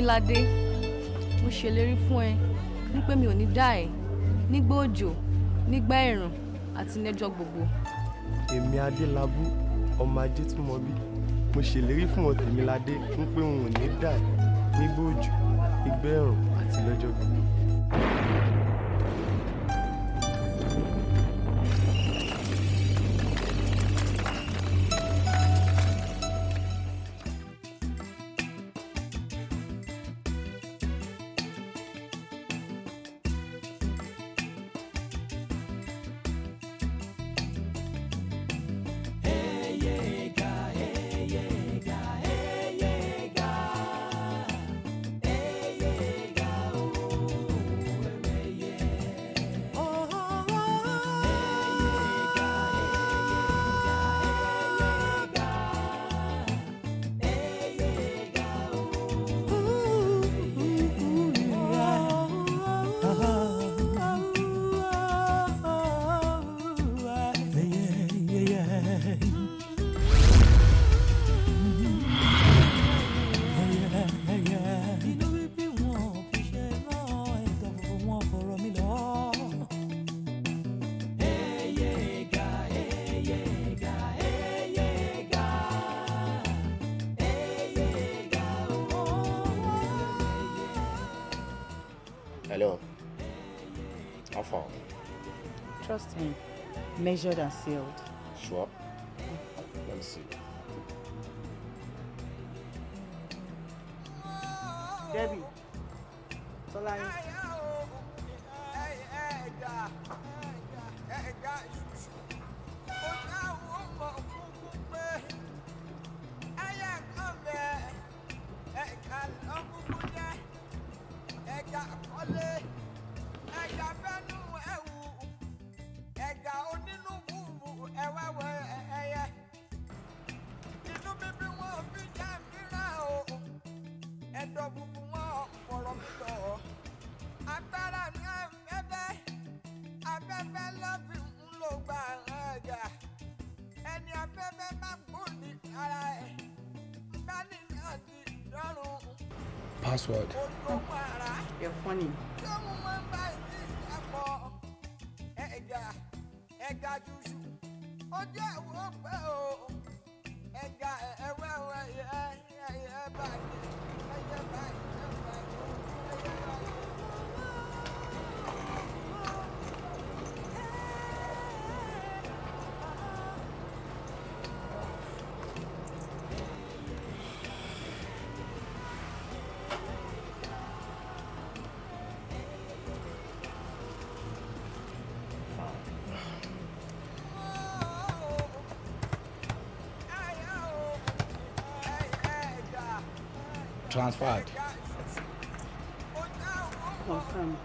Bíládé mo ṣèlérí fún ẹ wípé mi ò ní dá ẹ nígbà òjò nígbà ẹ̀rùn àti lẹ́jọ́ gbogbo. èmi adélábù ọmọ ajé tí mo bí mo ṣèlérí fún ọ tèmiládé wípé n ò ní dá ẹ nígbà òjò nígbà ẹ̀rùn àti lọ́jọ́ gbogbo. Nejorã Silva. bá ìdí ẹ̀pọ̀ ẹ̀gà ẹ̀gà jùjú ó jẹ́ ìwúrò pẹ́ o je yẹ transferred. Confirmed.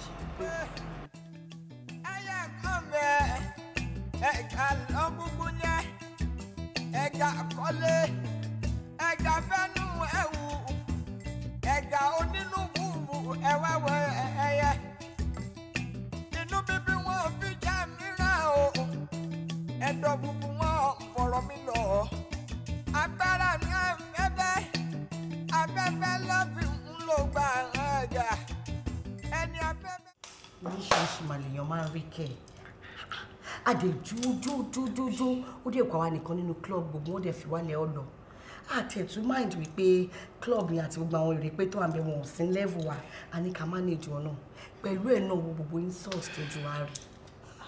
dẹ̀ jójójójójó ó dẹ̀ kọ́ àwa nìkan nínú club gbogbo ó dẹ̀ fi wálẹ̀ ọ lọ àti ẹ̀tún mind wípé club yẹn àti gbogbo àwọn èrè pé tó àbẹ̀ wọn ò sí level wa a ní ká manage wọn náà pẹ̀lú ẹ̀ náà wo gbogbo insult tó ju wa rí.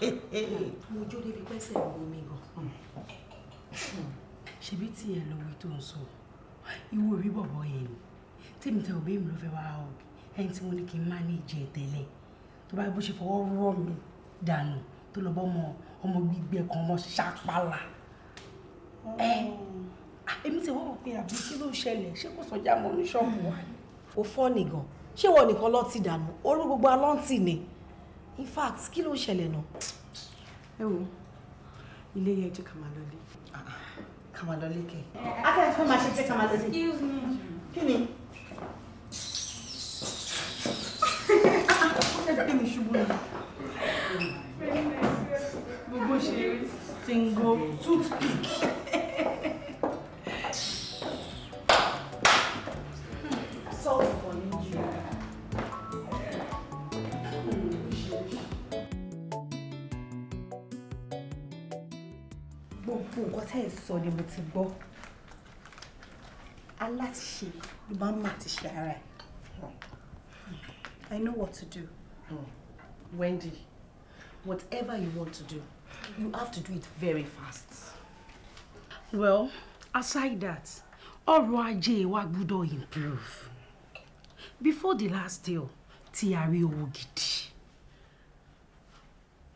mo jó débi pẹ́sẹ̀ ìwọ mi gan hmm. ṣebí tí ẹ lọ́wọ́ tó ń sọ ìwọ rí bọ̀bọ̀ yẹn ni tèmi tẹ òbí mi ló fẹ́ wá ọ̀gì ẹni tí wọ́n ní kí n manage ẹ̀ tẹ́lẹ̀ tó bá bó ṣe fọwọ́ rọ̀ mi dànù tó lọ bọ́ mọ́ ọ ọmọ gbígbẹ kan ọmọ ṣàpàlà oh. ẹ èmi ti wọ́n mọ̀ pé àbí kí ló ṣẹlẹ̀ ṣé kò sọjá mọ́ ní ṣọ́ọ̀bù wa o ó fọ́ nìgàn ṣé wọ́n nìkan lọ́ọ́ ti dànù orí gbogbo alọ́ǹtì ni in fact kí ló ṣẹlẹ̀ náà. ẹ wo ilé yẹn jẹ́ kàmálọ́lé. Ah, ah, kàmálọ́lé kẹ. akẹ́kọ̀ọ́ fún máa ṣe jẹ́ kàmálọ́lé. excuse me. kí ni. ó gbé mi ṣubú ni bó ṣe tingo toothpick. salt for Nigeria. gbogbo nǹkan tẹ́ ẹ̀ sọ ni mo ti gbọ́ aláṣẹ ló máa ń mà ti ṣe ara ẹ̀ I know what to do. Hmm. Wendy. Whatever you want to do, you have to do it very fast. Well, aside that, ọrọ̀ ajé improve. Before the last deal, tí a rí owó gidi.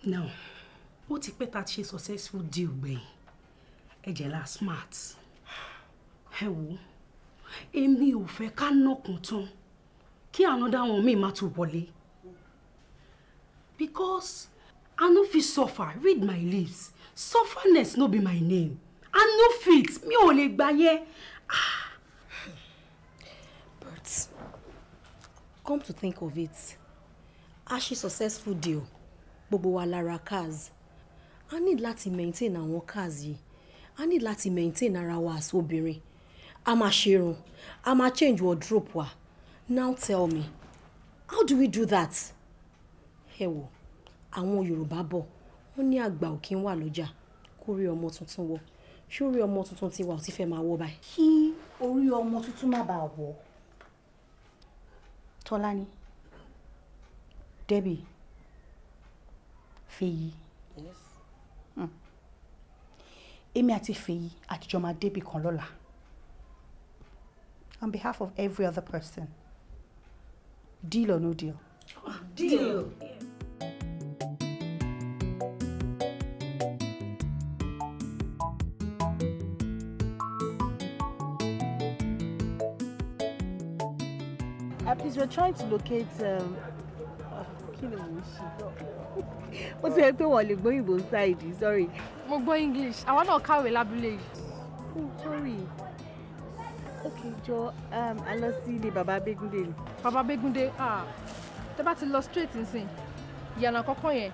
Now, ó ti pẹ́ ta successful deal be? Ejela smart. Ẹ wo, èmi ò fẹ́ ká nọ̀kùn tán kí another one mi máa tún wọlé. Because i no fit suffer read my lips sufferness no be my name i no fit me only buy gbà but come to think of it ashi successful deal Bobo wa lára cars a need lati maintain àwọn cars yìí a need lati maintain ara wa as obìnrin a máa ṣerun a change wardrobe wa now tell me how do we do that? ẹ wò àwọn Yorùbá bọ̀ wọ́n ní àgbà ò kí ń wà lọ́jà kó rí ọmọ tuntun wọ̀ ṣé orí ọmọ tuntun ti wà ó ti fẹ́ máa wọ̀ báyìí. kí orí ọmọ tuntun má bàa wọ̀ Tọ́lání Debbie Fèyí hmm. èmi àti Fèyí àtijọ́ máa débi kan lọ́la on behalf of every other person deal or no deal. deal. deal. is we're trying to locate um, oh, kí ni mò ń ṣe ó ti yẹ pé wọ́n lè gbọ́ ìbò ṣáìdì sorry. mo gbọ́ english àwọn náà kàwé lábúlé yìí. oh sorry ok jọ um, a lọ sí the baba Bégúndé ni. baba Bégúndé ah tẹ bá ti lọ straight nsìn ìyànà kọ́kọ́ yẹn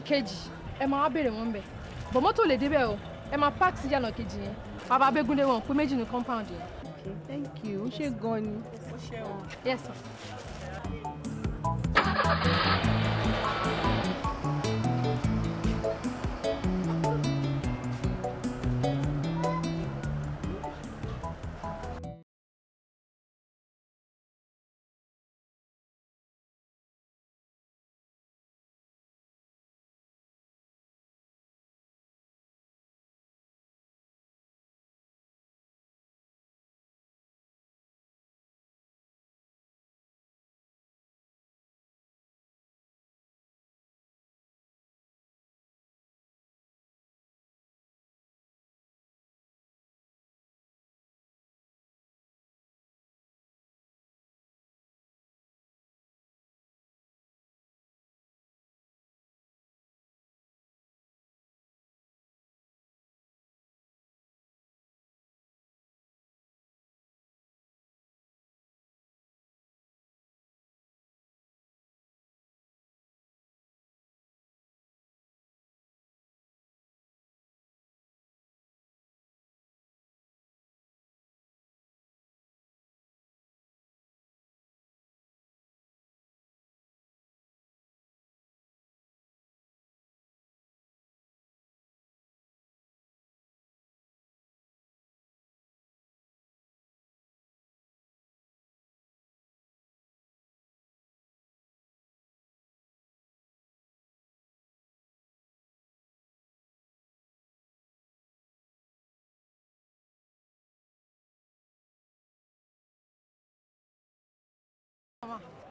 ìkejì ẹ máa wá béèrè wọn bẹ̀ bọ̀ mọ́tò lè débẹ̀ o ẹ máa park sí ìyànà kejì yẹn baba Bégúndé wọn pé méjì ní compound yẹn. ok thank you ó ṣe gan ni. show. Yes.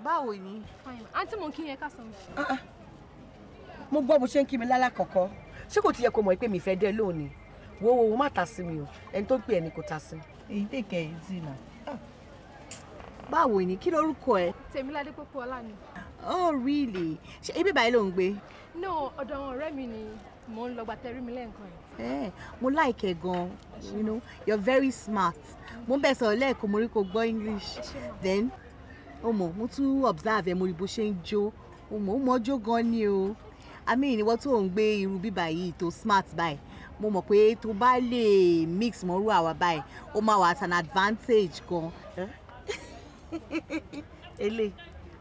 báwo ni. àǹtí mo kí yẹn ká sọ. mo gbọ́ bó ṣe ń kí mi lálàkọ̀kọ́ ṣé kò ti yẹ kó mọ̀ pé mi fẹ́ dẹ́ lónìí wo wo wo má ta sí mi o ẹni tó ń pè ẹni kò ta sí. èyí tè kẹ́ èyí tì nà. báwo ni kí lorúkọ ẹ. tèmíládé pópó ọlá ni. oh really ṣe ibi báyìí ló ń gbé. no ọ̀dọ̀ àwọn ọ̀rẹ́ mi ni mò ń lọ tẹrí mi lẹ́ǹkan yìí. Eh, mo like ẹ gan you know you're very smart mo ń bẹ̀ sọ̀rọ̀ lẹ́ẹ̀kan mo rí kó gbọ́ English then ó mọ̀ mo tún observe ẹ̀ mo rí bó ṣe ń jó ó mọ̀ ó mọ̀ jó gan ni o àmì ìníwọ́ tó ń gbé irú bíbà yìí tó smart báyìí mo mọ̀ pé tó bá lè mix mọ́rú àwa báyìí ó máa wà at an advantage gan. ele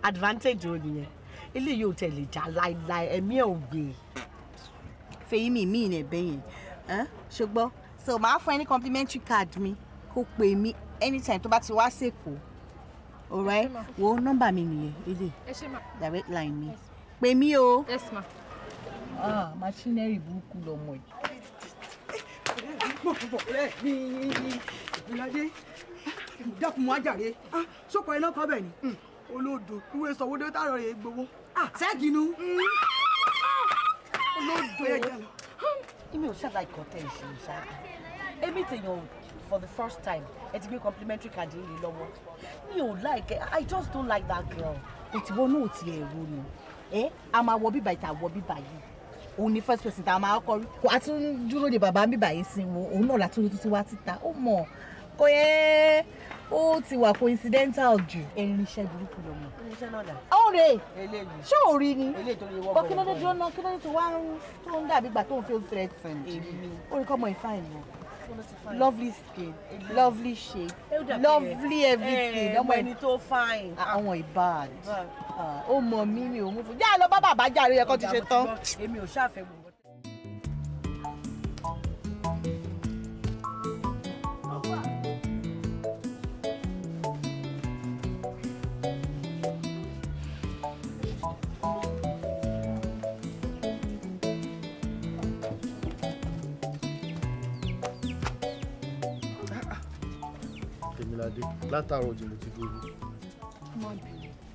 advantage o nìyẹn ele yóò tẹ̀lé jà láéláé ẹ̀mí ẹ̀ ò gbé. mi mí ìnà ẹ̀bẹ̀ yẹn ṣùgbọ́n so màá fún ẹ ní complimentary card mi kó pè mí anytime tó bá ti wá sèkó ọ̀rẹ́ wo nọ́mbà mi nìyẹn ilé direct line mi pè mí o. yes ma. ah machinery burúkú lọmọ yìí. ọ̀rẹ́ mi ìgbìládé dákun mọ́ àjàre ah, sọ́kọ̀ iná kan bẹ̀ ni hmm. olódo ìwé sọ̀wọ́dé tààrọ̀ rẹ̀ gbowó ṣẹ́ginu ah, hmm. olódo. Hmm. èmi ò ṣàlàyé kọ́tẹ́ ìṣèlú ṣáà èmi tèèyàn ò for the first time ẹ ti gbé complimentary card yìí lọ́wọ́ mi ò like i just don't like that girl. ètùbọ̀ náà ò tiẹ̀ ro ni ẹ a máa wọ bíbá ìta wọ bíbá yìí òun ni first person tá a máa kọ rí kó a tún dúró de bàbá bíbá yìí sí wo òun náà látún tuntun wá títa ó mọ̀ kò yẹ ó ti wà coincidental jù. erin iṣẹ́ burúkú lọ mọ̀. iṣẹ́ náà dà. ọ̀rẹ́ ṣé ò rí ni. eléyìí tó lè wọ́ bọ̀ kí ló dé dúró náà kí ló dé tó wá ń tó ń dàbí ìgbà tó ń fi ó tẹ̀rẹ̀ tẹ̀ ní. èmi. ó rí kọ́mọ ìfáìn náà lovely skin lovely shape lovely everything ọmọ ẹni tó fine àwọn ah, ìbàd ah, ó mọ mí mi ò mú fún yá lọ bá bàbá jàre yẹ kó ti ṣe tán. èmi ò ṣàfẹ́ gbogbo. látàárọ̀ tí mo ti dúró.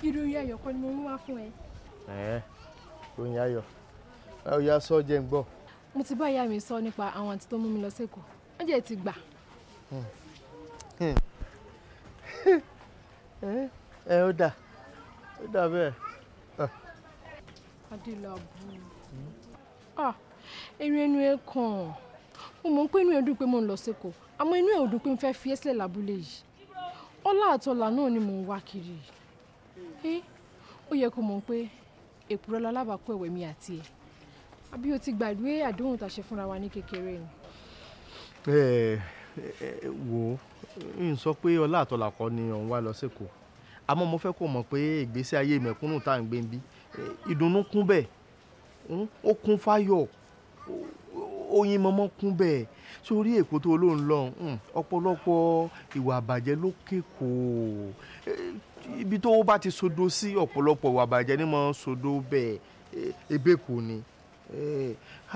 ìròyìn ayọ̀ kan ni mo mú wá fún ẹ. ẹ ìròyìn ayọ̀ báwo ya sọ jẹ́ ń gbọ́. mo ti bá ìyá mi sọ nípa àwọn àti tó mú mi lọ sẹ́kọ̀ọ́ wọ́n jẹ́ ti gbà. ẹ hmm. hmm. eh, eh, ó dà ó dà bẹ́ẹ̀. Ah. adélábù eré ah, inú ẹ kàn mo mọ̀ pé inú ẹ dùn pé mo ń lọ sẹ́kọ̀ọ́ àmọ́ inú ẹ ò dùn pé mo fẹ́ fi ẹ́ sílẹ̀ yìí ọlá àtọlà náà ni mò ń wá kiri ó yẹ kó mọ̀ pé èpùrọ́ lálábàápọ̀ ẹ̀wẹ̀ mi àti ẹ̀ àbí o ti gbàgbé àdéhùn tá a ṣe fúnra wa ní kékeré ni. ẹ ẹ wò ó n sọ pé ọlá àtọlà kọ́ ni òun wá lọ sẹ́kọ̀ọ́ àmọ́ mo fẹ́ kó mọ̀ pé ìgbésí ayé mẹ̀kúnnù tá à ń gbé ń bí ìdùnnú kún bẹ́ẹ̀ ó kún fáyọ̀ oyin mọ́mọ́ kún bẹ́ẹ̀ sórí èkó tó ló ń lọ hmm, ọ̀pọ̀lọpọ̀ ìwà àbàjẹ́ ló kékòó e, ibi tó bá ti sodo sí ọ̀pọ̀lọpọ̀ ìwà àbàjẹ́ ni mo sodo bẹ́ẹ̀ e, ebe kò ní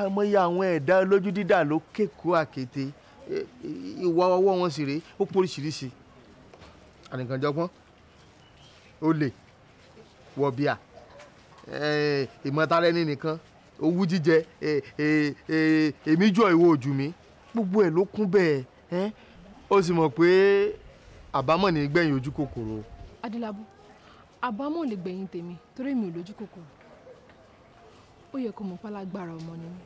àmọ́yé àwọn ẹ̀dá lójú dídà ló kékòó àkété e, ìwà ọwọ́ wọn sì rèé ó poríṣiríṣi ànìkànjọpọ́n olè wọ̀bìà ìmọ̀tara ẹni nìkan owú jíjẹ èmi jọ ìwọ ojú mi. Eh, gbogbo ẹ̀ ló kún bẹ́ẹ̀ ó sì mọ̀ pé àbámọ̀ ní gbẹ̀yìn ojú kòkòrò. adélábù àbámọ̀ lè gbẹ̀yìn tèmi torí mi ò lójú kòkòrò ó yẹ kó mọ̀ pálágbára ọmọ ni mí.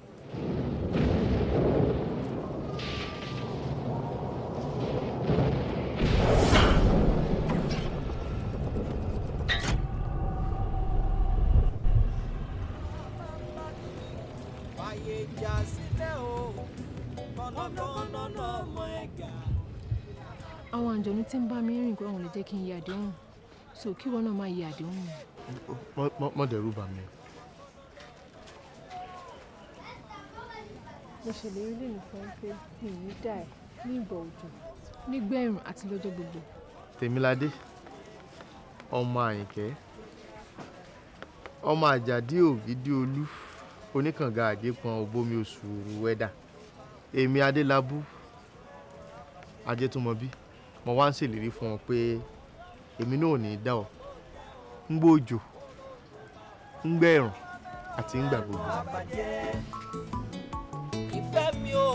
àwọn àjọ̀nú tí ń bá mi rìn gbọ́n lè jẹ́ kí n yẹ àdéhùn so kí wọn náà máa yẹ àdéhùn mi. mọ dẹrù bà mí. mo ṣèlérí lèmi fún pé mi ò ní dà ẹ ní ìgbà òjò nígbà àti lọ́jọ́ gbogbo. tèmiládé ọmọ àyìnkẹ́ ọmọ àjàdí òvídí olú oníkànga àgékan ògbómi oṣù wẹ́dà èmi adélábù ajétúmọ̀bí mo wá ń ṣèlérí fún ọ pé èmi náà ò ní í dá ọ ń gbòjò ń gbẹ̀rùn àti ń gbà gbogbo. ìfẹ́ mi ò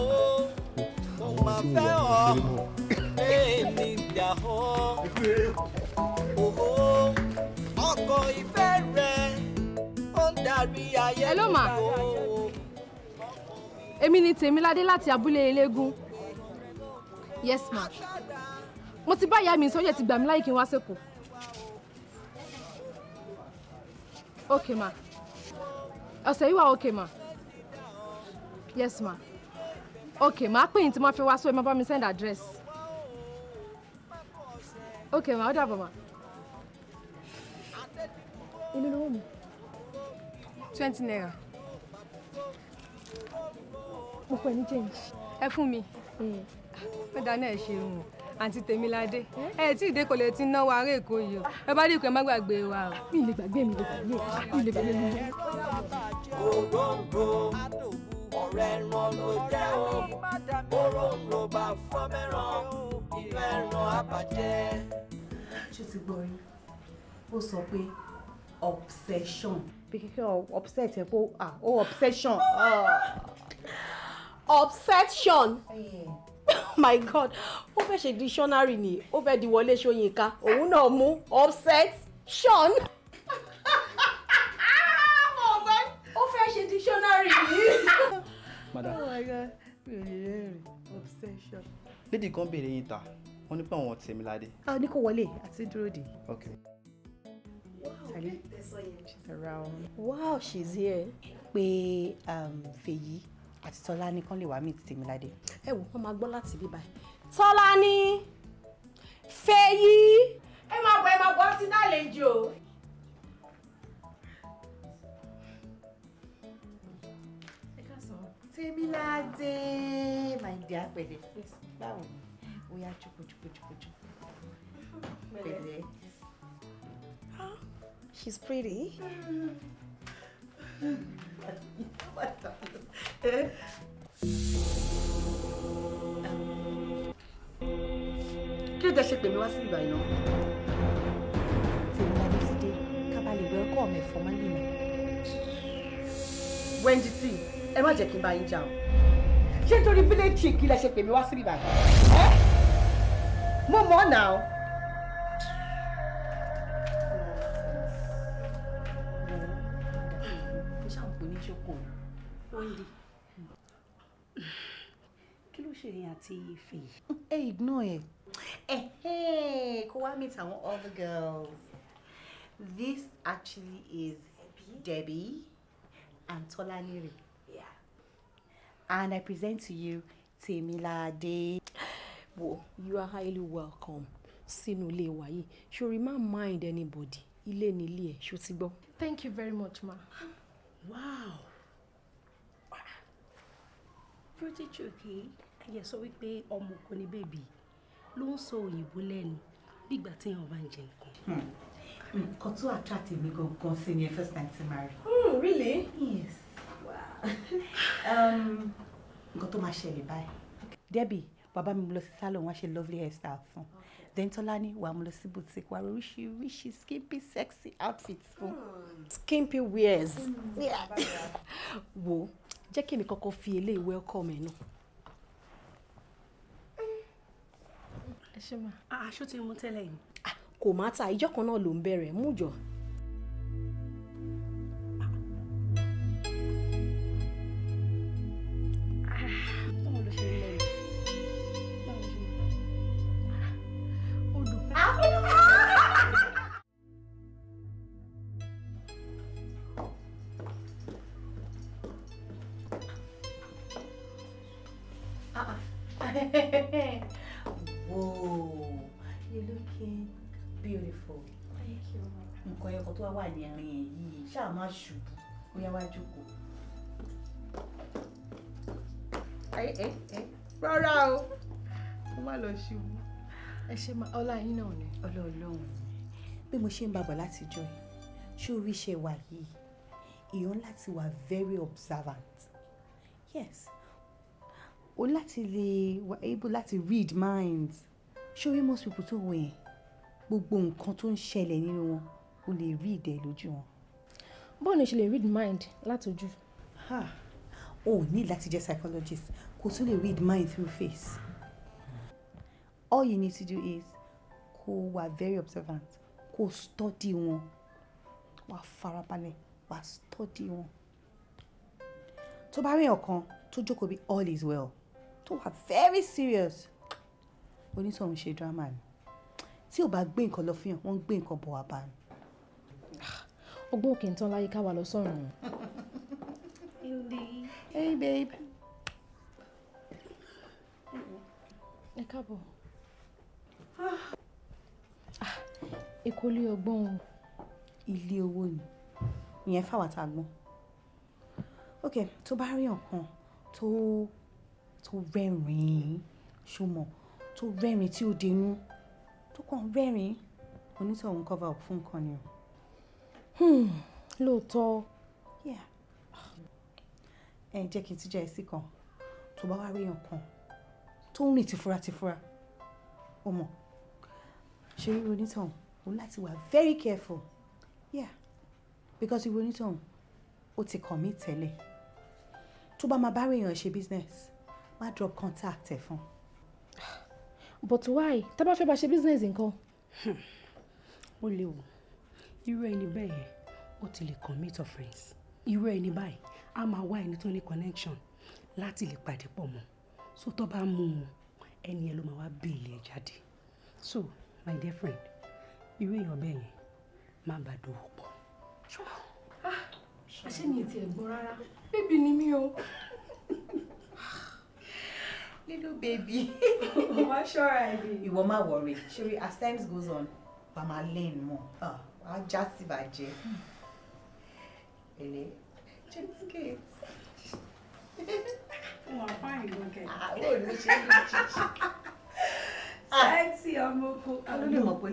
mo máa fẹ́ ọ èmi dà ọ òhò ọkọ̀ ìfẹ́ rẹ ó ń darí ayé mi o. èmi ni Tèmiládé láti abúlé eléégún yes ma mo ti bá ìyá mi sọ yẹ ti gbà mí láyè kí n wá sẹ́kù. ok ma ọ̀sẹ̀ yìí wà ok ma yes ma ok ma pè yín tí mo fi wá sọ ẹ má bá mi send address ok ma ó dàbọ̀ ma. èlò lówó mi. twenty naira. mo fẹ́ ní change. ẹ fún mi. ẹ hmm. dáná ẹ ṣeun o àǹtí tèmiládé ẹ tí ìdè kò lè ti náwó ará èkó yìí o ẹ bá dìkú ẹ má gbàgbé wa o. mi lè gbàgbé mi lè gbàgbé mi lè gbàgbé mi. òróǹro ọ̀rẹ́ ẹran ló jẹ́ o òróǹro bá fọ́ mẹ́ràn inú ẹran àbàjẹ́. ṣé ti gbọ́ rí ó sọ pé obsession bí kíkẹ́ upset ẹ̀ pé ah, ó obsession obsession. Yeah. my god ó fẹ́ ṣe dictionary ni ó fẹ́ di Wọlé Ṣóyínká òun náà mú upset sean. ó fẹ́ ṣe dictionary ni. madam oh my god mi ò lè rẹ́rìn obsession. lady kan béèrè yín ta wọ́n ní pé àwọn tèmi ládé. a ní kó wọlé àti dúró dè. okay. Wow, she's here. Pé um, Fèyí àti Tọ́lání kan lè wá meet Tèmiládé. ẹ wò wọ́n máa gbọ́ láti bí báyìí. Tọ́lání Fẹ́yí ẹ máa bọ̀ ẹ máa bọ̀ ọtí lálejò. Tèmiládé my dear pẹ̀lẹ́ báwo ni ó yá jókòó jókòó jókòó pẹ̀lẹ́. She's pretty. tadi. kí ló dé ṣe pè wá sí ìgbà iná. tèmi adé ti dé ká bá lè wẹ ọkọ mi fún mọ́lẹ̀ mi. Wendy tí ẹ má jẹ́ kí n bá yín jà o ṣé nítorí village chick kí lẹ ṣe pè wá sí ìgbà mo mọ̀ ọ́ nà ó. àti Ifè. ẹ ignore ẹ ẹ kó wá meet àwọn other girls this actually is Debbie and Tolanire yeah. and I present to you Temilade. wo you are highly welcome sínú ilé wa yìí ṣòrí má mind anybody ilé ni ilé ẹ ṣó ti gbọ́. thank you very much ma. wow. Pretty tricky ayé sọ wípé ọmọ kò ní bèbí ló ń sọ òyìnbó lẹ́nu bígbà tí èèyàn bá ń jẹ nǹkan. Hmm. Hmm. nǹkan tó attract mi gangan sí ni first time ti marry. Hmm, really? yes. Um, nǹkan tó máa ṣẹlẹ̀ báyìí. Debbie bàbá mi lọ sí salon wọn ṣe lovely hairstyle fún then Tọ́lání wàá mo lọ sí boutique wàá oríṣiríṣi skimpy sexy outfits fún. skimpy wears. wo jẹ́ kí mi kọ́kọ́ fi eléyìí welcome ẹ̀ náà. ẹ ṣe mà. Ah, aṣọ ti mú tẹ́lẹ̀ yìí. Ah, kò má ta ìjọ kan náà ló ń bẹ̀rẹ̀ mú jọ. má ṣubú ó yá wá jókòó. rárá o mo má lọ ṣubú. ẹ ṣe máa ọlá yín náà ni. ọlọ́ọ̀lọ́hún bí mo ṣe ń bàbọ̀ látijọ́ yìí ṣé orí iṣẹ́ wa yìí èèyàn láti wà very observant yes o láti lè wà able láti read minds ṣé orí most people tó wọ̀ yẹn gbogbo nǹkan tó ń ṣẹlẹ̀ nínú wọn o lè rí ìdẹ̀ lójú wọn bọ́ọ̀nù ṣe lè read mind látọjú. o ò ní láti jẹ́ psychologist kó tó lè read mind through face. all you need to do is kó wà very observant kó study wọn wà farabalẹ̀ wà study wọn. tó bá rí ọ̀kan tó jókòó bí all is well tó wà very serious onítọ̀hún ṣe drama ni tí ò bá gbé nǹkan lọ fihàn wọ́n ń gbé nǹkan bọ̀ wá bá ni ọgbọ́n òkè ń láyé ká wà lọ sọ́run. hey babe. ẹ káàbọ̀. èkó ah, lé ọgbọ́n o. ilé owó ni ìyẹn fáwọn tá a gbọ́n. ok tó bá rí nǹkan tó tó rẹ́rìn-ín ṣùgbọ́n tó rẹ́rìn-ín tí ó dénú tó kàn rẹ́rìn-ín onítọ̀hún cover up fún nǹkan ni o lóòótọ́ ẹ jẹ́ kí n ti jẹ́ ẹ sí kan tó bá wá rí èèyàn kan tó ń rìn tìfura tìfura ó mọ̀ ṣe ríro onítọ̀hún o láti wà very careful yeah because ríro onítọ̀hún ó ti kàn mí tẹ́lẹ̀ tó bá máa bá rí èèyàn ṣe business má drop contact ẹ̀ fún. but why tá a bá fẹ́ bá ṣe business nǹkan. ó hmm. léwu irú ẹni bẹ́ẹ̀ yẹn ó ti lè commit offence irú ẹni báyìí a máa wá ẹni tó ní connection láti lè pàdé pọ̀ mọ́ so tó bá mú un ẹni ẹ ló máa wá béèlì ẹ jáde so my dear friend irú èèyàn bẹ́ẹ̀ yẹn má bàa dòwò pọ̀ ṣùgbọ́n. Ah, àṣé mi ò tiẹ̀ gbọ́ rárá bébí ni mí o little baby. Ìwọ máa ṣọ́ra ẹ̀ bí. Ìwọ máa worry. Ṣé as times goes on, learn more. mọ́. Ah ajá sì bàjẹ́ ẹ̀lẹ́ chips cake. wọn fáìn gọkẹ. àwọn olùṣe ń lọ ṣíṣe. sẹ́ẹ̀tì ọmọ oko. alólè mọ̀ pé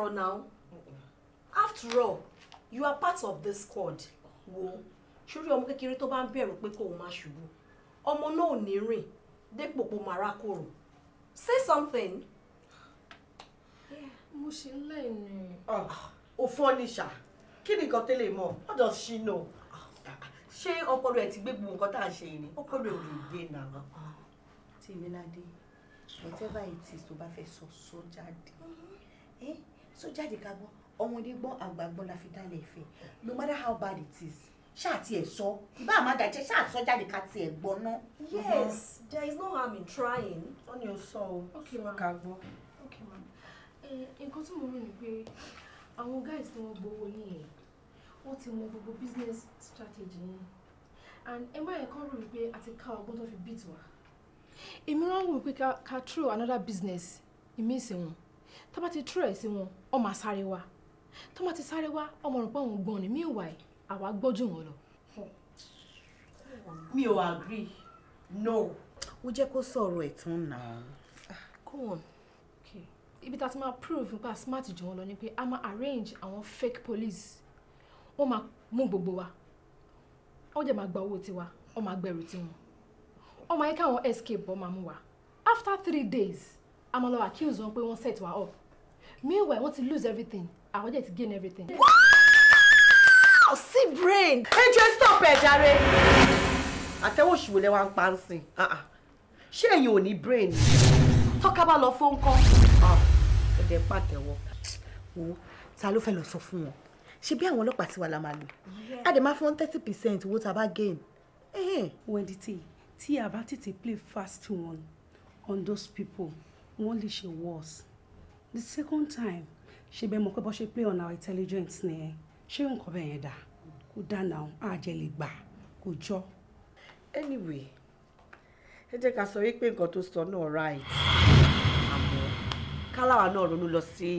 sọ̀rọ̀ náà after all you are part of this squad wo sórí ọmọ kékeré tó bá ń bẹ̀rù pé kò má ṣubú ọmọ náà ò ní rìn say something. mo ṣe lẹ́yìn. òfò ah, níṣà kí ni nǹkan tẹ́lẹ̀ mọ́ what does she know ṣé ọpọlọ ẹ ti gbé gbogbo nǹkan tá à ń ṣe yìí ni ọpọlọ ò lè gbé e náà. tèmi ládé whatever it is tó bá fẹ́ sọ sọ jáde mm-hmm. eh? so jáde ká gbọ́ ọmọdé gbọ́n àgbà gbọ́n la fi dálẹ̀ ìfẹ́ no matter how bad it is ṣáà tiẹ̀ sọ ìbá àmà dàjẹ́ ṣáà sọ jáde ká tiẹ̀ gbọ́n ná. yes there is no harm in trying. wọ́n ní o sọ o kí wọ́n ká gbọ́. okay ma eh, nǹkan tí mo rí ni pé àwọn guys tí wọ́n gbowó yìnyín wọ́n ti mọ gbogbo business strategy yẹn and ẹ má yẹ kán rò wípé àti ká ọgbọ́n tó fi beat wa. èmi rán wò pé ká throw another business ìmí ìsìn wọn tó bá ti túrẹ̀ sí wọn ọmọ àsáré wa tó bá ti sáré wa ọmọ rẹ̀ pé àwọn gbọ́n ni mí wà àwa gbọ́jú wọn lọ. mi ò agree no. ó jẹ́ kó sọ̀rọ̀ ẹ̀ náà. go on ibi tá a ti máa prove nípa smart jù wọn lọ ni pé a máa arrange àwọn fake police wọ́n máa mú gbogbo wa wọ́n jẹ́ máa gba owó tiwa wọ́n máa gbẹrù tiwọn wọ́n máa yẹ káwọn escape wọ́n máa mú wa after three days. I'm máa lọ accuse wọn pé wọ́n set wa up meanwhile wọ́n ti lose everything àwọn dẹ̀ to gain everything. wow see brain. ẹ jẹ́ stop ẹ̀ jàre. àtẹ̀wò ṣùgbọ́n lẹ́wọ̀n ń pa ń sìn ah, ah. ṣé ẹ̀yin ò only brain tọ́ka bá lọ fóun kọ́ ó dẹ̀ pàtẹ́wọ́ wo Oh, ló fẹ́ lọ sọ She be ṣe one àwọn ọlọ́pàá tiwa la máa lò a dẹ̀ máa fún thirty percent owó tá a bá gain. Wendy tí tí a bá tètè play fast one on those people wọ́n lè ṣe worse the second time ṣe bẹ́ẹ̀ mọ̀ pé bọ́ ṣe play on our intelligence ni ẹ ṣé nǹkan bẹ́ẹ̀ yẹn dà kó dáná àjẹ lè gbà kó jọ. anyway ẹ jẹ́ ká sọ wípé nǹkan tó sọ náà right àmọ́ káláwa náà ronú lọ sí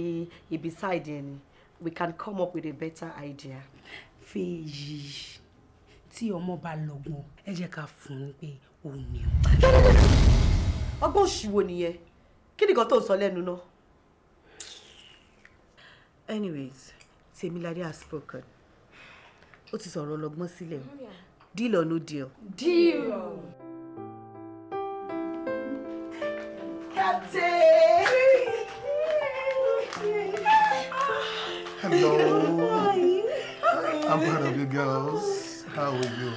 ibi side ẹni we can come up with a better idea. fèyí tí ọmọ bá lọ́gbọ́n ẹ jẹ́ ká fún un pé òun ni ọ. ọgbọ́n òṣìwò nìyẹn kí nìkan tó ń sọ lẹ́nu náà. anyways Tèmiládé has spoken ó ti sọ̀rọ̀ ọlọ́gbọ́n sílẹ̀ o deal or no deal. deal. captain. hello i'm proud of you girls how are you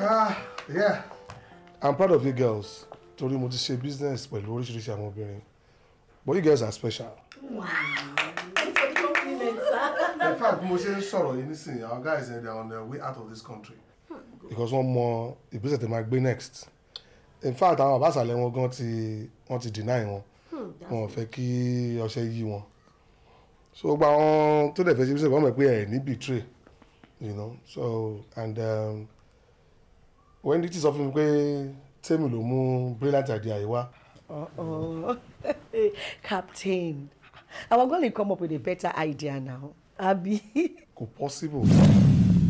ah yeah i'm proud of you girls torí mo ti ṣe business pẹ̀lú oríṣiríṣi àwọn obìnrin but you girls are special. wow in fact mo ṣe ń sọ̀rọ̀ yìí nísìnyí our guys eh, they are on their way out of this country. because wọ́n mọ ìgbésẹ̀ tí máa gbé next in fact àwọn àbáṣàlẹ̀ wọn gan ti wọ́n ti deny wọn hmm, wọn ò fẹ́ kí ọṣẹ yí wọn so gba àwọn tó dẹ̀ fẹ́ ṣe bí sẹ́yìn wọ́n mọ̀ pé ẹ̀ ní betray you know so and. Um, wendy ti sọ fún mi pé tèmi ló mú brilliant idea yìí wá. captain our girl to come up with a better idea now abi. kò possible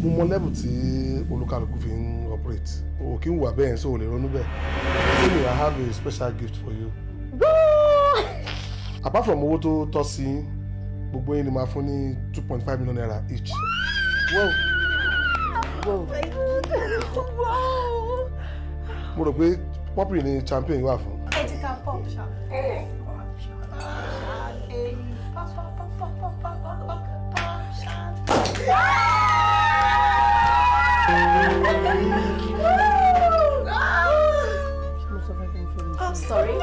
mo mọ level tí olúkàlùkù fi ń operate o kì í wà bẹ́ẹ̀ so o lè ronú bẹ́ẹ̀ tèmi i have a special gift for you. apart from owó tó tọ́ sí gbogbo yín ni màá fún ní two point five million naira each. Well sọ̀rọ̀. mo rò pé pọ́pì ni champion wà fún. ẹ ti pop ṣá. sorry.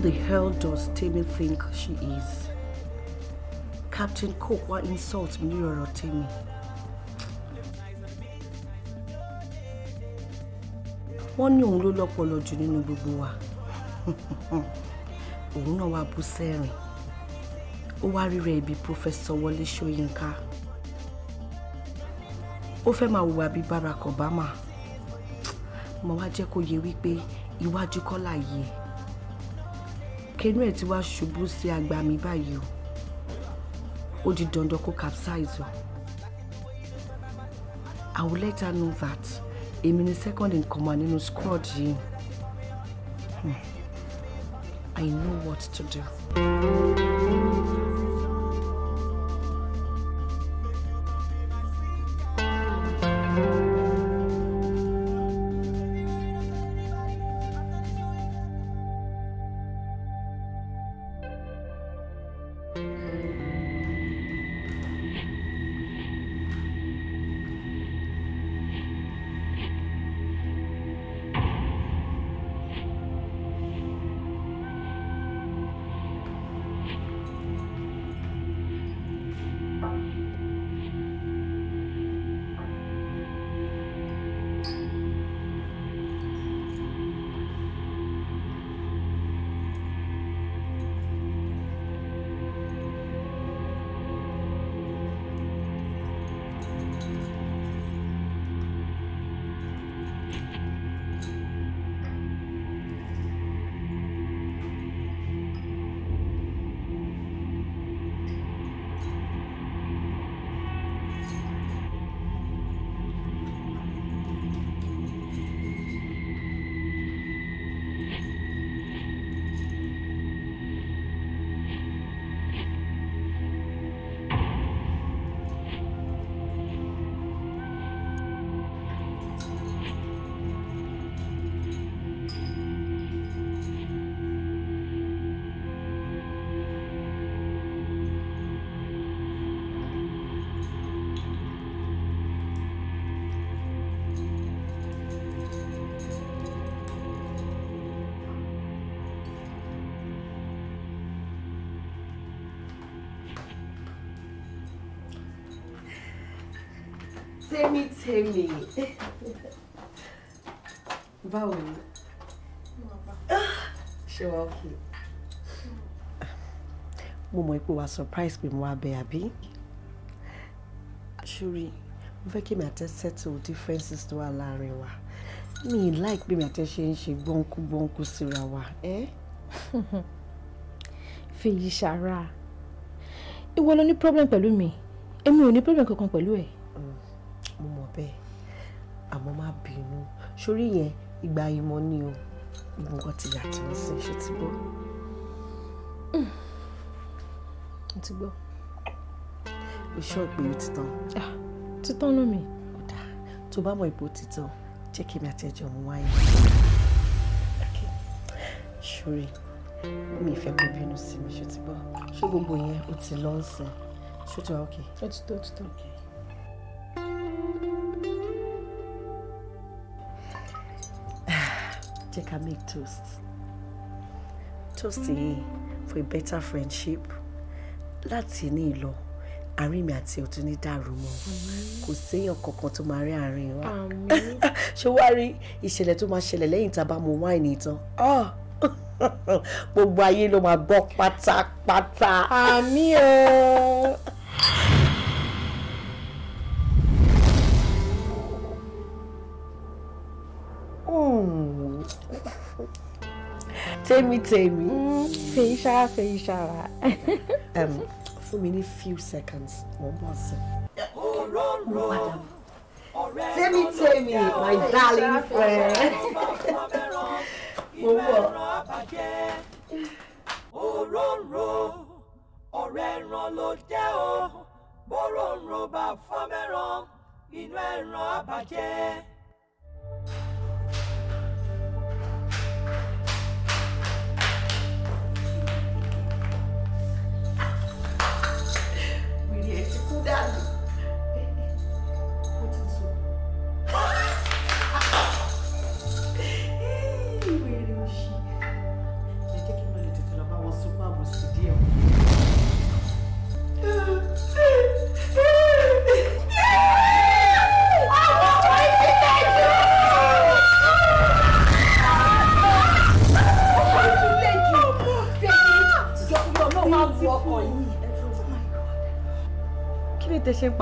the hell does Timmy think she is? Captain Cook wa insult mi ní ọ̀rọ̀ Timmy. Wọ́n ní òun ló lọ́pọlọ jù nínú òun náà wá bú sẹ́rìn ó wá ríra ibi pòfẹ́sọ Wọlé Ṣóyínká ó fẹ́ máa hùwà bíi Barack Obama mo wá jẹ́ kó yẹ wípé iwájú kọ́là yìí kẹnu ẹ̀ tí wàá ṣubú sí àgbà mi báyìí o ó di dandan kó capsize o I will later know that èmi ni second in command nínú squad yìí. Hmm. I know what to do. Tèmi tèmi. Báwo ni? Ṣé wàá kì í? Mo mọ̀ pé wàá surprise pé mo wá bẹ àbí? Ṣúrí, mo fẹ́ kí mi differences tó wà wa. Mi like bí mi àtẹ ṣe ń ṣe gbọ́nkú gbọ́nkú síra wa. Fèyí ṣàrà. problem pẹ̀lú mi. Èmi ò problem kankan pẹ̀lú mo mọ̀ bẹ́ẹ̀ àmọ́ má bínú sórí yẹn ìgbà ìmọ̀ ni o gbogbo nǹkan ti yàtọ̀ sí ṣe ti gbọ́. mo ti gbọ́. o ṣọ́ pé o ti tán. Ah, ti tán lómi. kò dáa tó bá mọ ipò ti jẹ́ kí mi àti ẹjọ́ mu wáyé. sórí mi ìfẹ́ kó bínú sí mi ṣe ti gbọ́ ṣé gbogbo yẹn o ti lọ́ọ̀sìn ṣé o ti wá òkè. ó ti tó ó ti tó òkè. jẹ́ ká make toast toast mm-hmm. yìí for a better friendship láti ní ìlọ àárín mi àti ọ̀tún ní dàrú mọ́ mm-hmm. kò séèyàn kankan tó máa rí àárín wa ṣé wàá rí ìṣẹ̀lẹ̀ tó máa ṣẹlẹ̀ lẹ́yìn tá a bá mu wáìnì tán ah! gbogbo ayé ló máa bọ́ pátápátá. àmì o. tèmi tèmi. Mm, fèyí ṣáà fèyí ṣáà. fún mi ní few seconds mo ń bọ̀ sí. mo padà bọ̀. Tèmi Tèmi, my darling friend. Mo wọ̀. Òróǹro ọ̀rẹ́ ẹran ló jẹ́ o. Bóròǹro bá fọ́ mẹ́ràn, inú ẹran á bàjẹ́. that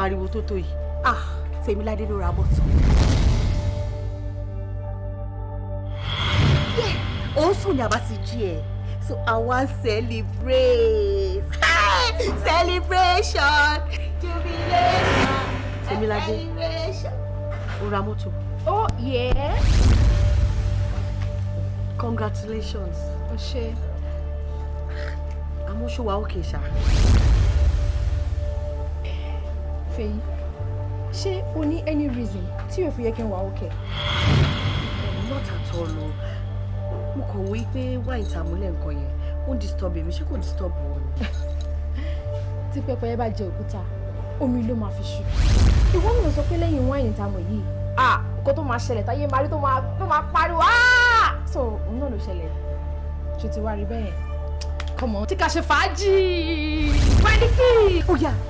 pariwo tó tó yìí ah Fẹ́miládé ló ra mọ́tò. òun sùn ni a bá ti jí ẹ so i wan celebrate celebration jubilation Fẹ́miládé ó ra mọ́tò. oh yes. congratulations. ó ṣé. àmọ́ ṣó Fẹ́yí ṣé o ní any reason tí yóò fi yẹ kí n wà òkè. not at all o mo kàn wí pé wáìn tàmúlẹ̀ nǹkan yẹn ó ń disturb èmi ṣé kò disturb wọn. tí pẹpẹ bá jẹ òkúta omi ló máa fi ṣù ìwọ mi ò sọ pé lẹ́yìn wáìn tàmọ̀ yìí nǹkan tó máa ṣẹlẹ̀ táyé máa rí tó máa pariwo so òun náà ló ṣẹlẹ̀ ṣe ti wá rí bẹ́ẹ̀ kọ̀mọ́ tí ká ṣe fàájì pẹ́ẹ́lí kí.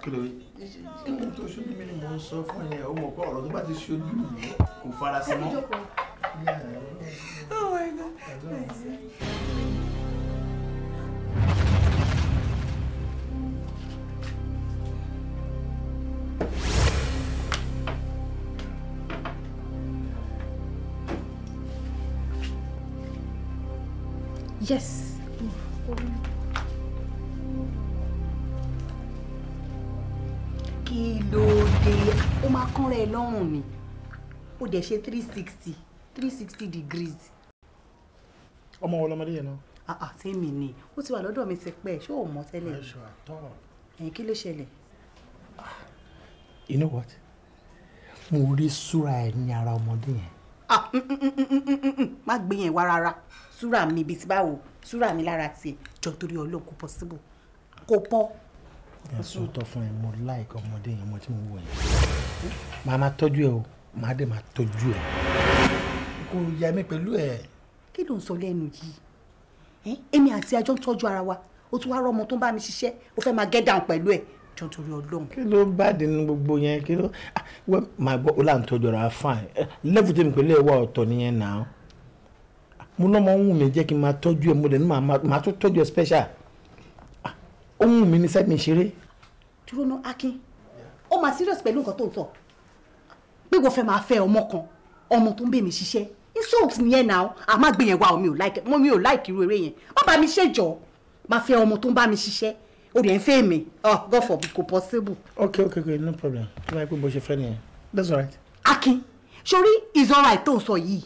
Oh yes. pé ó máa kán rẹ̀ lọ́rùn ni ó dẹ̀ ṣe three sixty three sixty degrees. ọmọ wo lọmọdé yẹn náà. àà ah, ah, sẹ́mi ni ó ti wà lọ́dọ̀ mi ti pẹ́ ṣé ò mọ̀ tẹ́lẹ̀. ẹ̀ṣọ́ àtọ̀. ẹ̀yìn kí ló ṣẹlẹ̀. you know what mo rí súra ẹ ní ara ọmọdé yẹn. Ah, mm, mm, mm, má gbé yẹn wá rárá súra mi ibi tí báwo súra mi lára tiẹ̀ jọ torí Ọlọ́run kò possible kò pọ̀ ẹ sòótọ́ fún ẹ mo láìka ọmọdé yẹn mo tí mo wò yẹn màá máa ẹ o màá dé máa tọ́jú ẹ kò yà mí pẹ̀lú ẹ. kí ló ń sọ lẹ́nu yìí èmi àti ajọ́ ń tọ́jú ara wa ó tún wá rọ́mọ tó ń bá mi ṣiṣẹ́ ó fẹ́ máa get down pẹ̀lú ẹ̀ jọ torí ọlọ́run. kí ló bá dé nínú gbogbo yẹn kí ló ah, wẹ́ máa gbọ́ ó là ń tọ́jú ara fine eh, level tèmi pẹ̀lú ẹ̀ wà ọ̀tọ̀ nìyẹn náà ah, mo náà mọ̀ ń wù mí jẹ́ kí n máa tọ́jú ẹ mo dẹ̀ ní màá tún tọ́jú ẹ special ohun mi ni sẹ́mi ṣeré. dúró ná akin ó máa serious pẹ̀lú nǹkan tó ń sọ pé wọ́n fẹ́ máa fẹ́ ọmọ kan ọmọ tó ń bẹ̀ ṣiṣẹ́ insult nìyẹn náà a máa gbé yẹn mi ò like mo mi ò like irú eré yẹn má bá mi ṣèjọ máa fẹ́ ọmọ tó ń bá mi ṣiṣẹ́ o dẹ̀ ń fẹ́ mi oh god forbid kò possible. ok ok ok no problem tó bá yẹ pé bó ṣe fẹ́ nìyẹn that's alright. akin sori is alright tó ń sọ yìí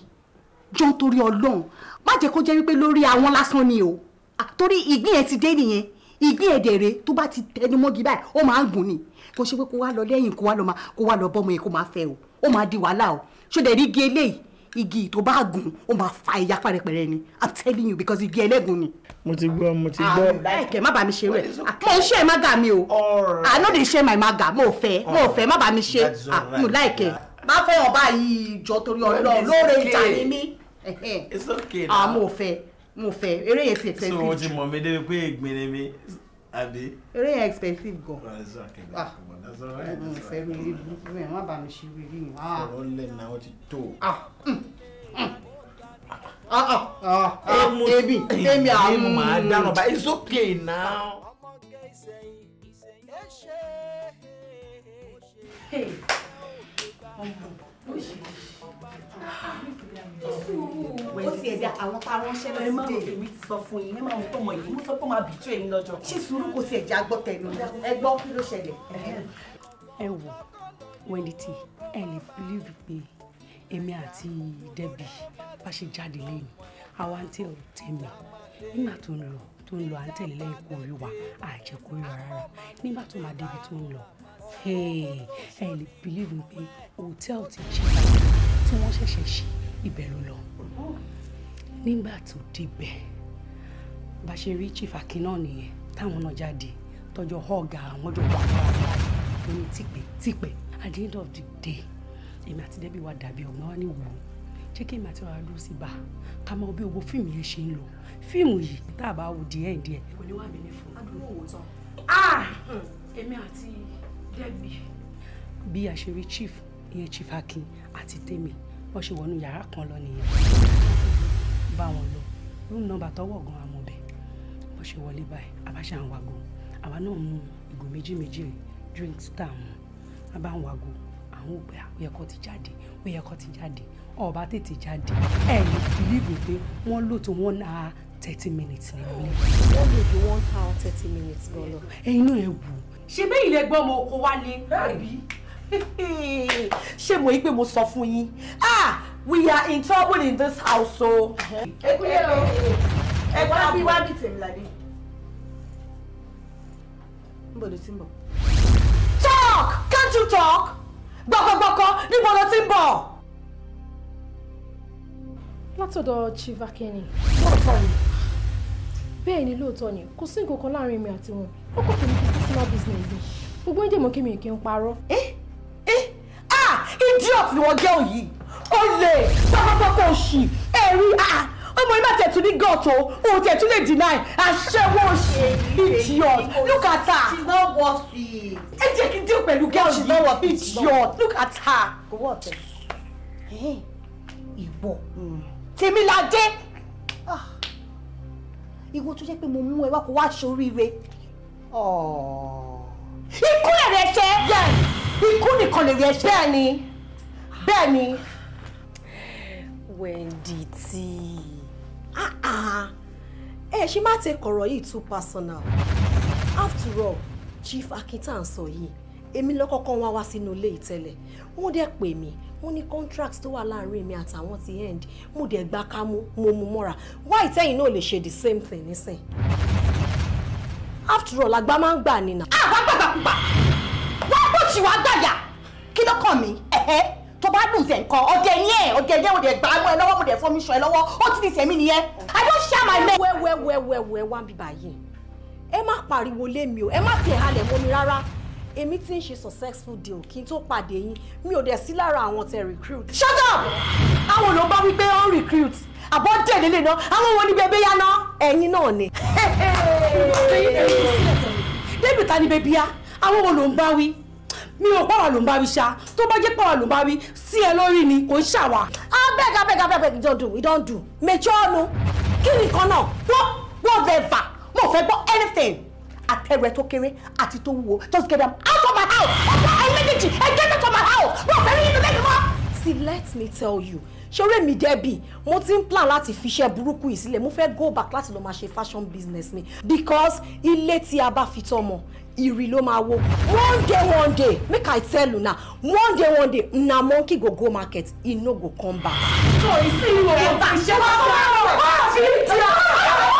jọ nítorí ọlọ́run má jẹ́ kó jẹ́ wípé lórí àwọn lásán ni o ah, torí ìgbín yẹn ti dé nìyẹn ìgbín èdèrè tó bá ti tẹnumọ́gi báyìí ó máa ń gùn ni kò ṣe pé kó wá lọ lẹ́yìn kó wá lọ kó wá lọ bọ́mọ yẹn kó máa fẹ́ o ó máa di wàhálà o ṣọdẹ rí igi eléyìí igi tó bá gùn ó máa fa ẹ̀yà pẹ̀rẹ̀pẹ̀rẹ̀ ni i'm telling you because igi ẹlẹ́gùn ni. mo ti gbọ́ mo ti gbọ́. àìkẹ́ ah, má bàa mi ṣe rẹ̀ mo ń ṣe ẹ̀ má gà mi o i no dey share my maga mo fẹ́ mo fẹ́ má bàa mi ṣe ah, mo láìkẹ́. má fẹ́ràn báyìí ìjọ torí ọlọ́run lóore ìjà ni mí. àmọ́ ah, fẹ́ mo fẹ́ eré yẹn ti expensive. so o ti mọ̀ mi débi pé ìgbín ni mi àbí. eré yẹn expensive gan. ah mo fẹ́ rí rí burúkú yẹn má bàa mi ṣe rí rí yẹn. Ah. sọ̀rọ̀ lẹ́nà ó ti tó. ah mm, mm. ah ah it's okay now. Hey, ọmọ, ó ti ẹ̀dá àwọn tá a ránṣẹ́ lọ sí ẹ má rò pé mi ti sọ fún yín ẹ má rò pé ọmọ yìí mo sọ pé ó máa ẹ̀yin lọ́jọ́. ṣé sùúrù kò tiẹ̀ já gbọ́ tẹnu ẹ gbọ́ kí ló ṣẹlẹ̀. ẹ wò Wendy ẹ lè bílíìfù pé èmi àti Debbie bá ṣe jáde lẹ́yìn àwa ń tẹ̀ tẹ̀mí nígbà tó ń lọ tó ń lọ à ń tẹ̀lé lẹ́yìn kórè wa àjẹ kórè wa rárá nígbà tó máa débi tó ń lọ ẹ lè bílíìfù pé hòtẹ́ẹ̀lì ti jẹ́ tí wọ́n ṣẹ̀ṣẹ̀ ṣe ibẹ̀ ló lọ nígbà tó débẹ̀ bá ṣe rí chief akin náà nìyẹn táwọn náà jáde tọjọ ọgá àwọn jọ wà láàárọ̀ tó ní tìpẹ́ tìpẹ́ at the end of the day èmi àti debi wa dàbí ọgbọ́n wa ní wò ó jẹ́ kí èmi àti wàá dúró sí bá a ká mọ bí owó fíìmù yẹn ṣe ń lọ fíìmù yìí tá a bá wo díẹ̀ díẹ̀. kò ní wà mí ní fún. adúlọ̀ wò tán. Ah! Hmm. èmi àti debi. bí a ṣe rí chief ìyẹn chief akin àti temi wọ́n ṣe wọnú yàrá kan lọ nìyẹn bá wọn lọ rúùmù nọ́mbà tọwọ́ gan amọ̀ bẹ̀ wọ́n ṣe wọlé báyìí àbáṣà ń wago àwa náà mú ìgò méjì méjì drinks tá mú a ń wago àwọn òpè àwòyẹ ti jáde òyẹ ti jáde ọba tètè jáde ẹ lè pé wọ́n lò tó wọ́n na thirty minutes nínú ilé. wọ́n lò ju one hour thirty minutes gan lọ. ẹ̀yin náà ẹ wù. ṣe bẹ́ẹ̀ ilé gbọ́ ọmọ oko wálé àbí. ṣé mo yí pé mo sọ fún yín ah we are in trouble in this house o. ẹ kúlẹ̀ o ẹ wá bí wá bí tèmi ládé. níbo ló ti ń bọ̀. talk can't you talk gbọkọgbọkọ níbo ló ti ń bọ̀. látọ̀dọ̀ chief lóòótọ́ ni bẹ́ẹ̀ ni lóòótọ́ ni kò sí nǹkan kan láàrin mi àti wọn ó kọ́ pẹ̀lú personal business ni gbogbo ń jẹ́ mọ́ kí mi kì í parọ́. ẹ́ eh? idiot ni wọ́n gẹ́ọ̀ yìí ó lè pápápákọ̀ òṣì ẹ̀rí ọmọ yìí má tẹ̀ tún ní gọ̀tọ̀ òun tẹ̀ lè deny àṣẹwọ́ òṣì idiot look at her. she's not worth ẹ jẹ́ kí n dín pẹ̀lú gẹ́ọ̀ yìí idiot look at her. kò wọ́ ọ̀tẹ̀ ìwọ Tèmiládé ah. ìwọ tó jẹ́ pé mo mú ẹ wá kó wá ṣoríire ikú lè rẹ ṣe ikú nìkan lè rẹ ṣe ni bẹ́ẹ̀ ni. Wendy tí ẹ ṣe má take ọ̀rọ̀ yìí too personal after all Chief Akintan sọ yìí èmi lọ́kọ̀ọ̀kan wá wá sínú ilé ìtẹ́lẹ̀ wọ́n dẹ̀ pè mí wọ́n ní contract tó wà láàrin èmi àtàwọn ti end mo dẹ̀ gbá kámú mo mú mọ́ra why ìtẹ́yìn náà lè ṣe the same thing nísìn after all àgbà máa ń gbà nínà. àgbà gbàgbà púpà wọ́n bó ṣì wá gbàyà kí ló kàn mí tó bá lù sẹ̀ nǹkan ọ̀dẹ̀ ní ẹ̀ ọ̀dẹ̀ ní ẹ̀ ọ̀dẹ̀ gbà mọ́ ẹ lọ́wọ́ mo dẹ̀ fọ́ mi sọ ẹ lọ́wọ́ ó ti di sẹ̀mí nìyẹn i don't share my men. wẹ́wẹ́wẹ́wẹ́ wá ń bíbá yìí ẹ má pariwo lé mi o ẹ má tiẹ̀ halẹ̀ mọ́ mi rárá èmi ti ń ṣe successful deal kí n tó pàdé yín mi ò dẹ̀ sí lára àwọn tẹ recruit. shut up àwọn ló bá wípé ó ń recruit àbọ̀ tẹ̀lé lè ná àwọn wo ni bẹ̀bẹ̀ yá ná ẹ̀yin náà ni. débi ta ni bẹ̀bí yá àwọn wo ló ń bá wí mi ò pàwà ló ń bá mi ṣá tó bá jẹ́ pàwà ló ń bá mi sí ẹ lórí ni kò ń ṣàwà. abeg abeg abeg we don do we don do mature nu kí nìkan náà wọ́n wọ́n bẹ̀ fà mo fẹ́ gbọ́ anything àtẹrù ẹ tó kéré àti tó wúwo just get them out of my house ọ̀pọ̀ ẹ̀yin méjèèjì ẹ get out of my house wọ́n fẹ́ rí inú lẹ́yìn mọ́. see let me tell you ṣeré mi dẹ́bì mo ti ń plan láti fi iṣẹ́ burúkú yìí sílẹ̀ mo fẹ́ go back láti lọ máa ṣe fashion business mi because ilé tí a bá fi tọ́mọ ìrì ló máa wo one day one day make i tell una one day one day una monkey go go market e no go come back. so ìsìn ìwòwò tàṣẹ́ wá wá wá fi dì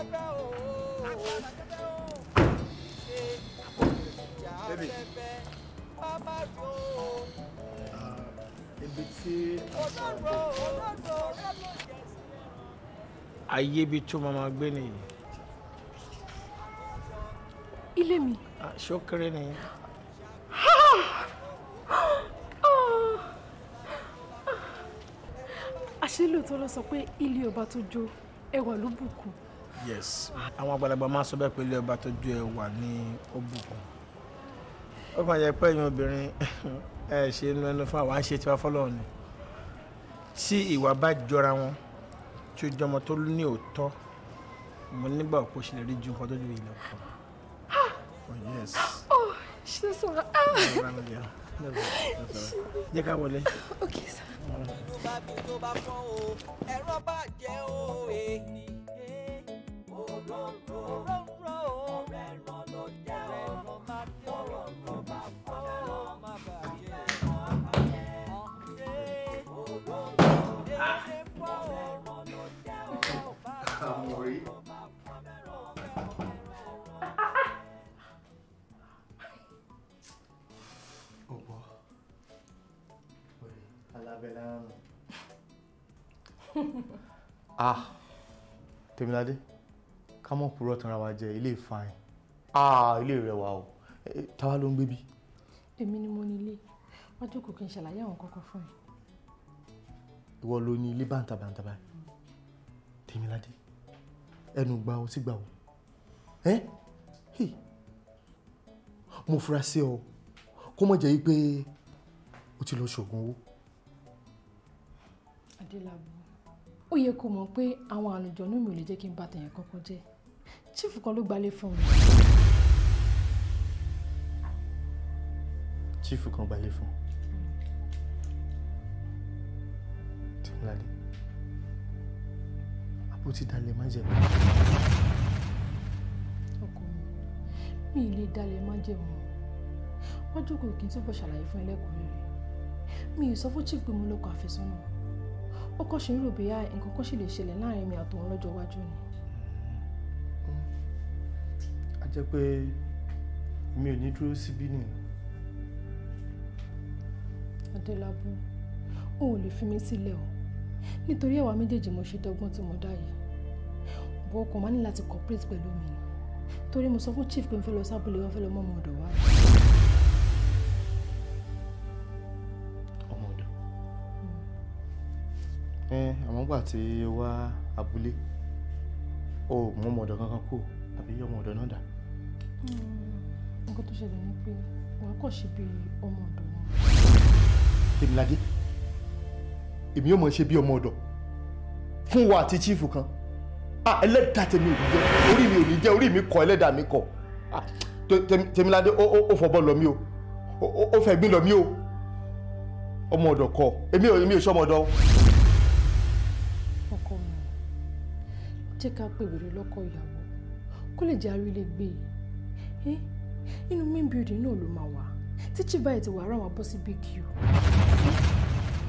Baby. Ah, ibi tí ayé ibi tó máa gbé nìyí. Ilé mi. Ah, Ṣókèrè nìyẹn. Ah, Àṣé lóòótọ́ ló sọ pé ilé ọba tó jó ẹwà ló bùkún yes àwọn àgbàlagbà máa sọ bẹ́ẹ̀ pé ọba tó ju ẹ wà ní òbùkún ó kàn yẹ pé ẹ̀yin obìnrin ẹ ṣe inú ẹnu fún àwọn àṣẹ tiwa fọlọ́ ni tí ìwà bá jọra wọn tí ó jọmọ tó ní òótọ́ mo nígbà òkú ṣe lè rí ju nǹkan tó ju ìlẹ̀ kọ. Oh, yes. jẹ́ oh, ká wọlé. ẹ̀rọ bá jẹ́ òye ròrò ròrò ọ̀rẹ́ ràn ló jẹ́ o ọ̀rọ̀ ló bá fọ́nà lọ ah Tèmiládé ká mọ̀ purọ́ tanra wa jẹ ilé ìfàyìn ah ilé rẹwà o eh, eh, táwa ló ń gbé bí. èmi ni mo ní ilé wọn jókòó kí n ṣàlàyé àwọn kọkọ fún ẹ. ìwọ ló ní ilé bàǹtàbàǹtà báyìí tèmiládé ẹnu gba o sí gbà o ẹ mo fura sí ọ kó mọ̀ jẹ́ yí pé o ti lọ ṣoògùn owó. adélábù ó yẹ kó mọ̀ pé àwọn àlùjọ inú mi ò lè jẹ́ kí n bá kọ́kọ́ jẹ́ chief kan ló gbalẹ̀ fún mi. chief kan gbalẹ̀ fún Tìmúládé àpótí dalẹ̀ má jẹ̀mú. ọkọ mi mi ì lè dalẹ̀ má jẹ̀mú wọ́n jókòó kí n túbọ̀ ṣàlàyé fún ẹlẹ́kùnrin rẹ̀ mi ì sọ fún chief pé mo lọ́kọ àfẹ́sọ́nà ọkọ ṣe ń rò bóyá nǹkan kan ṣì lè ṣẹlẹ̀ láàrin mi àtòun lọ́jọ́ iwájú ni jẹ́ pé mi ò ní dúró síbí nìyẹn. Adélabú o ò lè fi mí sílẹ̀ o nítorí ẹ̀wà méjèèjì mo ṣe dọ́gbọ́n tí mo dá yìí bọ́ ọkọ̀ máa ní láti cooperate pẹ̀lú mi ni torí mo sọ fún chief pé mo fẹ́ lọ sábúlé wọn fẹ́ lọ mọ́ ọmọ ọ̀dọ̀ wa. ọmọ ọ̀dọ̀ ẹ hmm. eh, àmọ́ gbà tí wá abúlé o mọ́ ọmọ ọ̀dọ̀ kankan kù àbí ọmọ ọ̀dọ̀ náà dà. Hmm. nǹkan tó ṣẹlẹ̀ ni pé wàá kàn ṣe bí ọmọ ọ̀dọ̀ ni. tèmiládé èmi yóò mọ̀ ṣe bí ọmọ ọ̀dọ̀ fún wa àti chief kan ah ẹlẹ́dàá tèmi ò ní jẹ́ orí mi ò ní jẹ́ orí mi kọ ẹlẹ́dàá mi kọ ah tèmiládé ó fọbọ́ lọ mí o ó fẹ́ gbin lọ mí o ọmọ ọ̀dọ̀ kọ èmi ò èmi ò ṣọmọ ọ̀dọ̀. ọkọ mi jẹ́ ká pè wèrè lọ́kọ ìyàwó kó lè jẹ́ àrílẹ̀ gbé e. Eh? inú main building náà ló máa wà tíjì báyìí ti wà ara wa bọ́ sí big u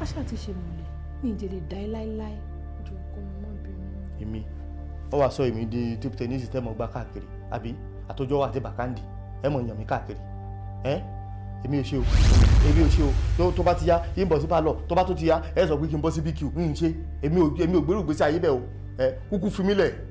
aṣá eh? ti ṣe mọ̀lẹ́ mi ì jẹ́lẹ̀ dá láéláé ju ọkọ mi mọ́ bínú. èmi ó wàá sọ èmi di tube tennis tẹ́mọ̀ gbá káàkiri àbí àtọjọ́ wà àti bàkàndì ẹ mọ̀ yàn mí káàkiri eh? èmi ò ṣe o èmi ò ṣe o tó bá ti yá yín bọ̀ sí pálọ̀ tó bá tó ti yá ẹ sọ pé kí n bọ́ sí bq n ṣe èmi ò gbèrú ìgbésí ayé bẹ́ẹ̀ o kúkú fi mí lẹ̀.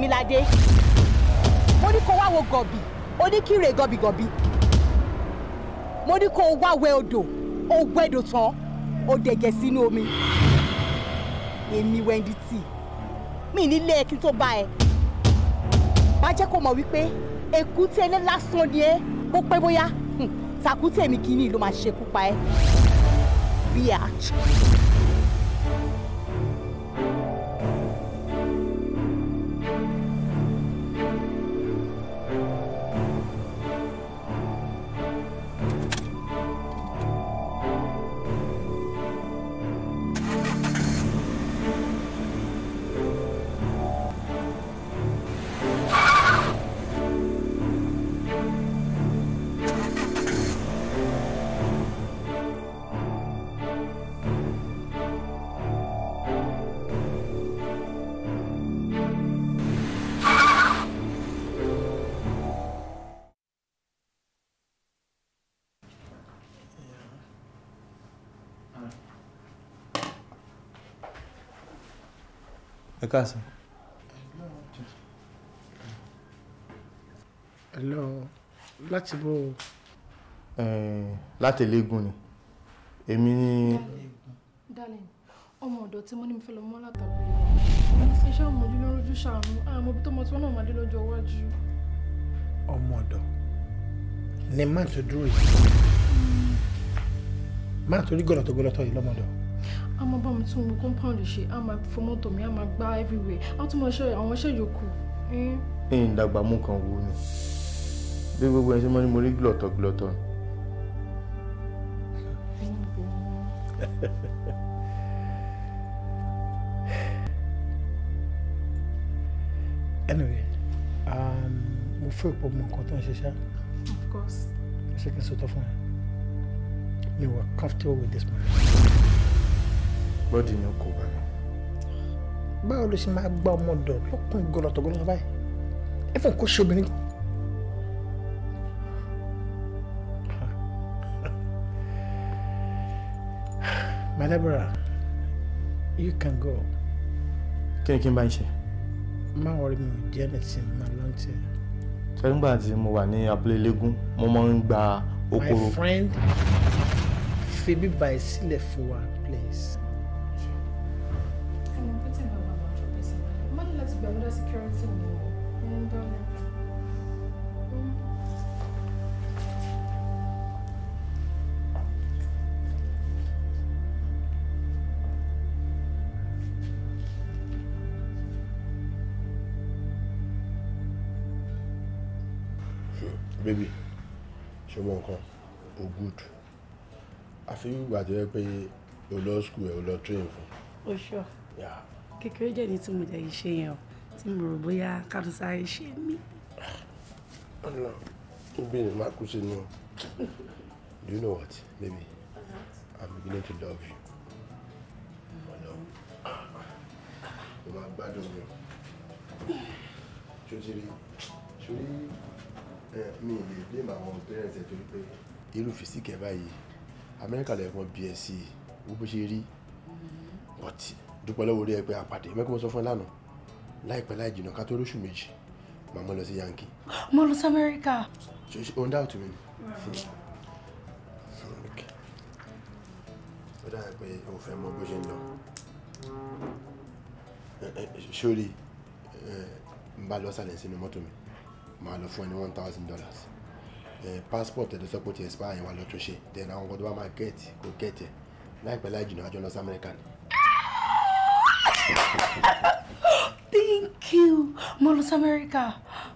Tèmiládé mo ní kó wá wo gọ̀bì ó ní kí rè gọ̀bìgọ̀bì mo ní kó wá wẹ odò ó wẹ́dò tán ó dẹ̀gẹ̀ sínú omi èmi Wendy T mi nílé ẹ kí n tó bá ẹ bá jẹ́ kó mọ̀ wípé èkúté ilé lásán ni ẹ bó pẹ́ bóyá tàkúté mi kì í ní ló máa ṣekú pa ẹ bí i káàsán. hello láti bó o. Eh, láti eléégún ni èmi ni. darling ọmọ ọ̀dọ̀ tí mo ní mi fẹ́ lọ mọ́ látàgbé rẹ̀ iṣẹ́ ọmọ ìlú lójú ṣàánú àmọ́ ah, bí tọmọ tí wọ́n náà máa dé lọ́jọ́ iwájú. ọmọ ọ̀dọ̀ ni má tó dúró yìí má torí gọlọtọgọlọtọ yìí lọmọdọ a máa bá mi tún mo compound ṣe a máa fọ mọ́tò mi a máa gbá everywhere a tún máa ṣe àwọn iṣẹ́ yòókù. ẹ̀yin dàgbà mú kan wo ni bí gbogbo ẹ ṣe máa ní mo rí glọ̀tọ̀ glọ̀tọ̀ anyway um, mo fẹ́ pọ̀ mọ nǹkan tó ń ṣiṣẹ́. of course. ṣé kí n sọ tọ́ fún ẹ mi wà comfortable with this man bọ́dì ni kò bá mi. báwo ló ṣe máa gba ọmọ ọ̀dọ̀ lọ́kùnrin gọlọtọ̀ gọlọtọ̀ báyìí ẹ fẹ́ kó ṣe obìnrin. my labourer you can go. kí ni kí n bá ń ṣe. má wọrí mi ò jẹ́ ẹ̀sìn máa lọ́n tiẹ̀. sẹ́yìn gbà mo wà ní abúlé légún mo máa ń gba okoro. my friend fi bíbá ẹ sílẹ̀ fún wa good àfi ìgbà tó yẹ pé o lọ school ẹ o lọ train fún. o sure. kékeré jẹ́ ní tí mo jẹ́ iṣẹ́ yẹn o tí mo rò bóyá kàdúsá iṣẹ́ mi. ọ̀nà níbí ni màá kú sínú do you know what baby i'm beginning to love you. ọ̀nà mo máa gbádùn mi ṣó ti rí ṣó rí mi ì lè blame àwọn parents ẹ̀ torí pé irú fisiki ẹ báyìí amẹ́ríkà lẹ́ẹ̀kan bí ẹ sí wọ́n bó ṣe rí mm-hmm. but dúpẹ́ lọ́wọ́ orí ẹ pé àpàdé mẹ́kún mo sọ fún ẹ lánàá láìpẹ́ láì jìnnà ká tó lóṣù méjì màá mọ́ lọ sí yankee. mo lọ sí amẹ́ríkà. o ń dá òtún mi ni. Mm-hmm. ó dára pé o fẹ́ mọ bó ṣe ń lọ. sórí n bá lọ sàlẹ̀ sínú mọ́tò mi màá lọ fún ẹ ní one thousand dollars. Eh, passport ẹ̀dọ́ sọ́pọ̀ ti expire yẹn wà lọ́tún ṣe then àwọn ọkọ̀ bá máa get kò get ẹ̀ láìpẹ́ láì jìnnà àjọ north america ni. thank you mo lọ sí america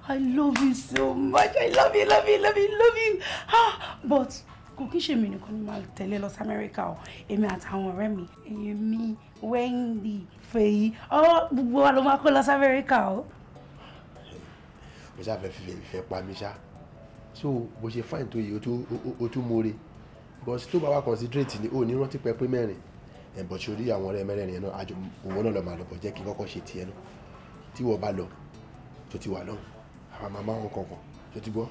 i love you so much i love you love you love you love you ah but kò kí ṣèmi nìkan ni màá tẹ̀lé lọ sí America. o èmi àtàwọn ọ̀rẹ́ mi èyàn mi Wendy Fèyí ọ oh, gbogbo wa ló máa kó lọ sí amẹ́ríkà o. mo ṣáà fẹ́ fi fẹ́ pa mí ṣáà so bó ṣe fine tó yìí o tún mure But tó bá wà concentrate ni o ní rántí pẹpẹ mẹ́rin ẹ̀bọ̀ tí o rí àwọn ọ̀rẹ́ mẹ́rẹ̀ẹ̀rin náà àjọ òwò náà lọ máa lọ bọ̀ jẹ́ kí n kọ́kọ́ ṣe tiẹ̀ náà tí wọ́n bá lọ tó ti wà lọ àwọn máa máa ń kankan tó ti gbọ́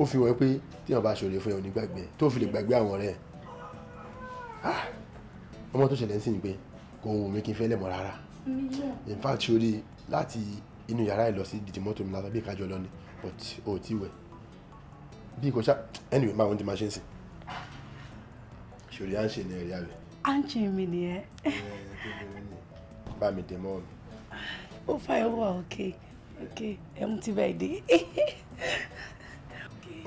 ó fi wọ́n pé tí wọ́n bá ṣòro fún ẹ òní gbàgbé tó fi lè gbàgbé àwọn ọ̀rẹ́ ẹ̀ ah! ọmọ tó ṣẹlẹ̀ ń sìn pé kò wù mí kí n fẹ́ lẹ̀ mọ́ rárá in fact ṣorí láti inú yàrá ẹ̀ lọ sí dìdì mọ́tò mi látàbí ìkájọ lọ ni but ó ti wẹ̀ bí kò ṣá anyway máa wọn ti máa ṣe ń sìn ṣòrí à ń ṣe ní ẹ̀rí àwẹ̀. à ń ṣe mi nìyẹn. bá mi dè mọ́ mi. ó fà ẹ́ wà òkè òkè ẹ̀ mú ti bẹ́ẹ̀ dé.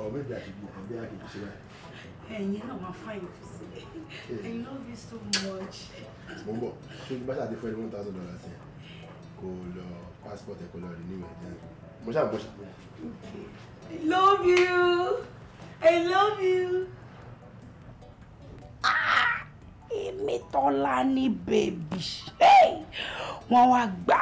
ọ̀bẹ bí àdìgbò kan bí àdìgbò ṣe báyìí. ẹ̀yin náà máa fà yín fún sí eh. i love you so much. mo ń bọ̀ ṣé o bá ṣàdé fún ẹni one thousand dollars yẹn kó lọ passport ẹ̀ kó lọ renew ẹ̀ jẹ́ mo ṣàgbọ́ṣà. I love you. I love you. Ah, èmi Tolani, baby. Hey, Wọ́n wá gbà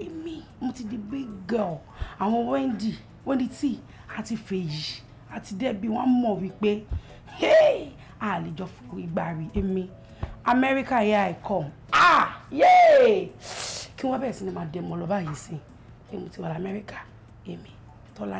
èmi. Mo ti di big girl. Àwọn Wendy, Wendy T àti Fèyí àti Debbie wọ́n mọ̀ wípé a lè jọ fún ìgbà rí èmi. America here I come. Ah, yay! Kí wọ́n bẹ̀rẹ̀ sí ni máa dẹ̀ mọ́ lọ báyìí sí. Èmi ti wà l'Amẹ́ríkà, èmi Tọ́lá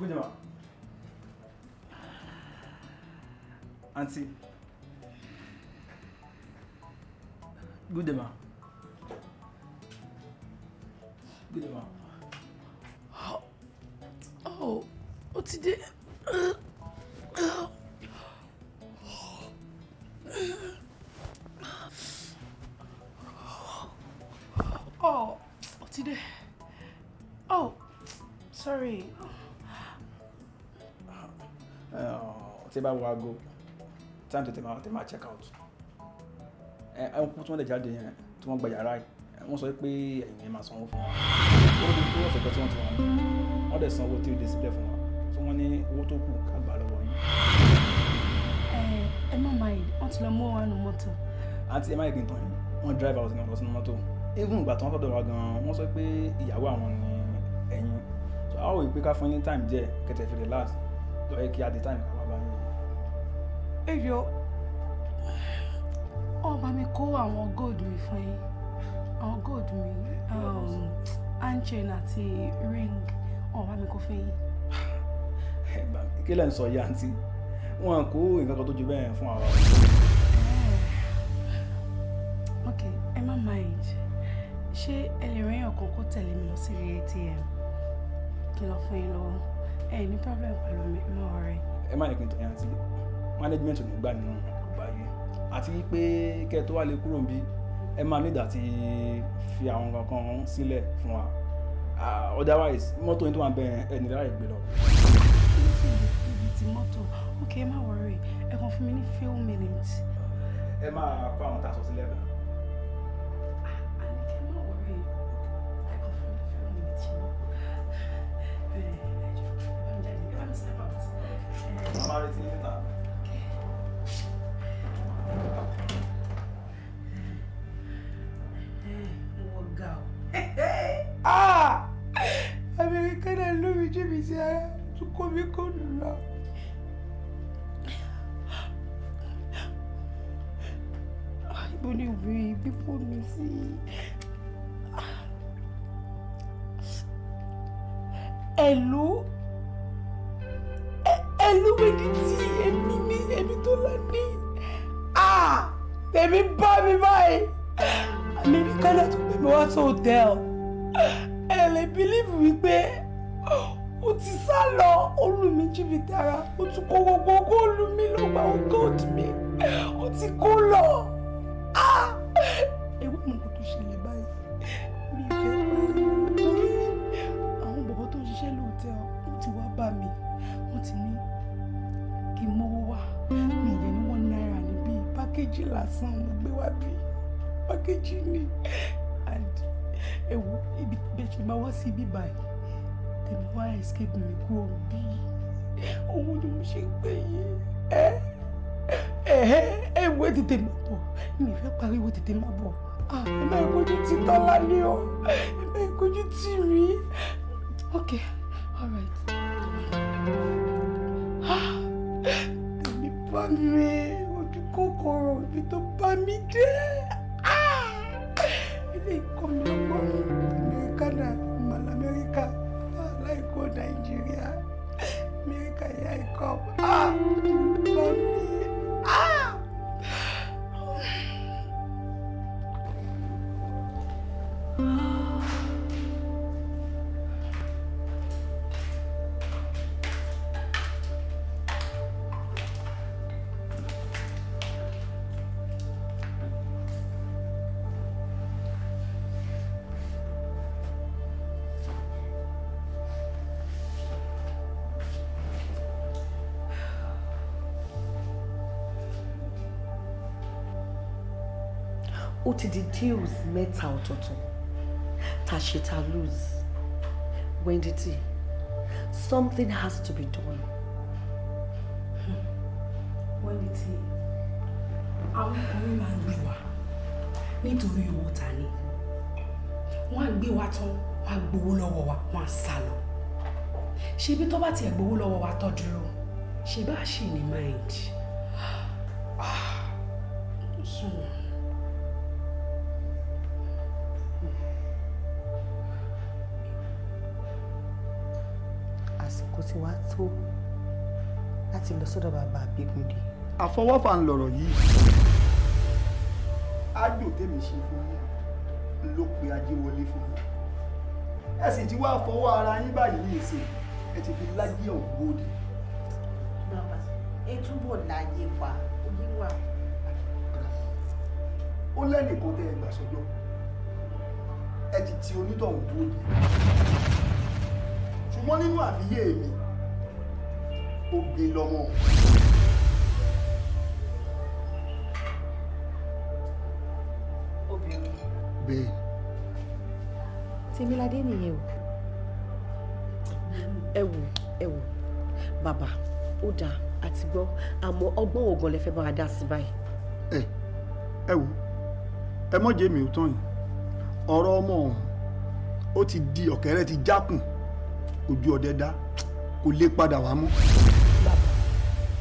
Goudema. Anti. Goudema. Goudema. Oh, oh, oh, tu dis. Oh. oh. Oh, Otide. Oh, sorry. Oh, tí ẹ bá wo aago, time to máa tètè máa check out. I ẹ put one the lè jáde yẹn tí wọ́n gba yàrá yìí. Wọ́n sọ pé ẹ̀yin ẹ̀ máa sanwó fún wa. Ó ní kí wọ́n sọ pé tí wọ́n ti wọ́n. Wọ́n dẹ̀ sanwó tí ó dé sílẹ̀ fún wa. Tí ẹ má máa yìí wọ́n ti lọ mú wọn nu mọ́tò. àǹtí ẹ má yìí gbìntàn yìí wọ́n drive out ní ọ̀dọ̀ sínú mọ́tò even ìgbà tí wọ́n sọ̀dọ̀ wa gan-an wọ́n sọ pé ìyàwó àwọn ni ẹ̀yin so a ó rí i pé ká fún ní time díẹ̀ kẹtẹ̀ fi last. lọ yẹ kí a di time ká wá bá yín. èyọ ọba mi kó àwọn gold mi fún yín àwọn gold mi um, handchain àti ring ọba mi kó fún yín. kí lẹ́ ń sọ yìí àǹtí wọn kó nǹkan kan tó ju bẹ́ẹ̀ fún àwa. ok ẹ má mind ṣé ẹ lè rẹ́yìn ọ̀kan kó tẹ̀lé mi lọ sí ilé atm kí lọ fún yín lọ́wọ́ ẹ ní problem pẹ̀lú mi mọ́ ọ̀rẹ́. ẹ má ní kí n tẹ̀yàn àti management ò ní gbà nínú ọgbà yìí àti pé kẹ́ ẹ tó wá lè kúrò níbí ẹ máa ní ìdá ti fi àwọn kankan sílẹ̀ fún wa ah, otherwise mọ́tò yín tó máa bẹ ẹ̀ nílára ìgbé lọ ti mọ́tò ok ẹ má worry ẹ kàn fún mi ní few minutes. ẹ máa kó àwọn tá a sọ sí lẹ́bàá. àníkẹ́ ah, má worry ẹ kàn fún mi ní few minutes ṣe mọ́. màmá retí níta. Eh, ah! Americana ló mi jẹ́ mi sí ara tó kọ́ mi kọ́ nù lọ. the only people know see. Hello? Hello, ẹni tí èmi ní èmi tó lọ ní. Ah! Tèmi bá mi báyìí. Àmì mi kánà tó gbé mi wá sí hòtẹ́ẹ̀lì. Ẹ lè bílíìfù wípé ó ti sá lọ olú mi jìbìtì ara ó tún kó gbogbo gba ogún òdì mi ó ti kó lọ ewu mọ kò tún ṣẹlẹ̀ báyìí mi fẹ́ báyìí torí àwọn bọ̀bọ̀ tó ń ṣiṣẹ́ lóòótọ́ wọ́n ti wá bá mi wọ́n ti ní kí n mówó wá mi ìyẹn ní wọ́n náírà níbí pákéjì lásán mo gbé wá bí pákéjì ni and ewu ibi bẹ́ẹ̀ ṣe máa wá sí ibi báyìí tèmi wá escape mi kúrò bí òun ni mo ṣe gbé ẹ́ ẹ ẹ wo tètè máa bọ̀ mi fẹ́ pariwo tètè máa bọ̀ ẹ má ìkojú tí tọ́lá ni o ẹ má ìkojú tí rí ok alright tèmi bá mi ojú kòkòrò ibi tó bá mi dé ilé ìkọ́ mi lọ́pọ̀ amẹ́ríkánà màlá amẹ́ríkà aláìkọ́ nàìjíríà amẹ́ríkà ìyá ìkọ́ bá ó ti di deals mẹ́ta ọ̀tọ̀ọ̀tọ̀ ta ṣe ta lose Wendy T something has to be done. Wendy T àwọn ọkùnrin máa ń gbé wa nítorí owó ta ni wọ́n á gbé wa tán wọ́n á gbowó lọ́wọ́ wa wọ́n á sá lọ ṣebí tó bá tiẹ̀ gbowó lọ́wọ́ wa tó dúró ṣe bá ṣì ní mind. sọ́dọ̀ bàbá Abígúndé. àfọwọ́fà ń lọ̀rọ̀ yìí. ájò tèmi ṣe fún yín ló pe ajé wọlé fún mi ẹ sì ti wá fọwọ́ ara yín báyìí ní ìsìn ẹ ti fi lájẹ́ ògbóde. bàbá ẹ túbọ̀ láyé pa oníwà. ó lẹ́nìkan tẹ́ ẹ gbà sọ́jọ́ ẹ ti ti onítọ̀hún dúró ṣùgbọ́n nínú àfiyé mi obì lọ́mọ. obìnrin. nìyẹn o ẹ wò ẹ wò bàbá ó dáa àti gbọ́ àmọ́ ọgbọ́n ògùn lè fẹ́ bá a dá sí báyìí. ẹ ẹ wò ẹ mọ̀ jẹ́ mi ò tán yìí ọ̀rọ̀ ọmọ ọ̀hún ó ti di ọ̀kẹ́rẹ́ ti jákùn ojú ọdẹ dá kò lè padà wá mọ́. bàbá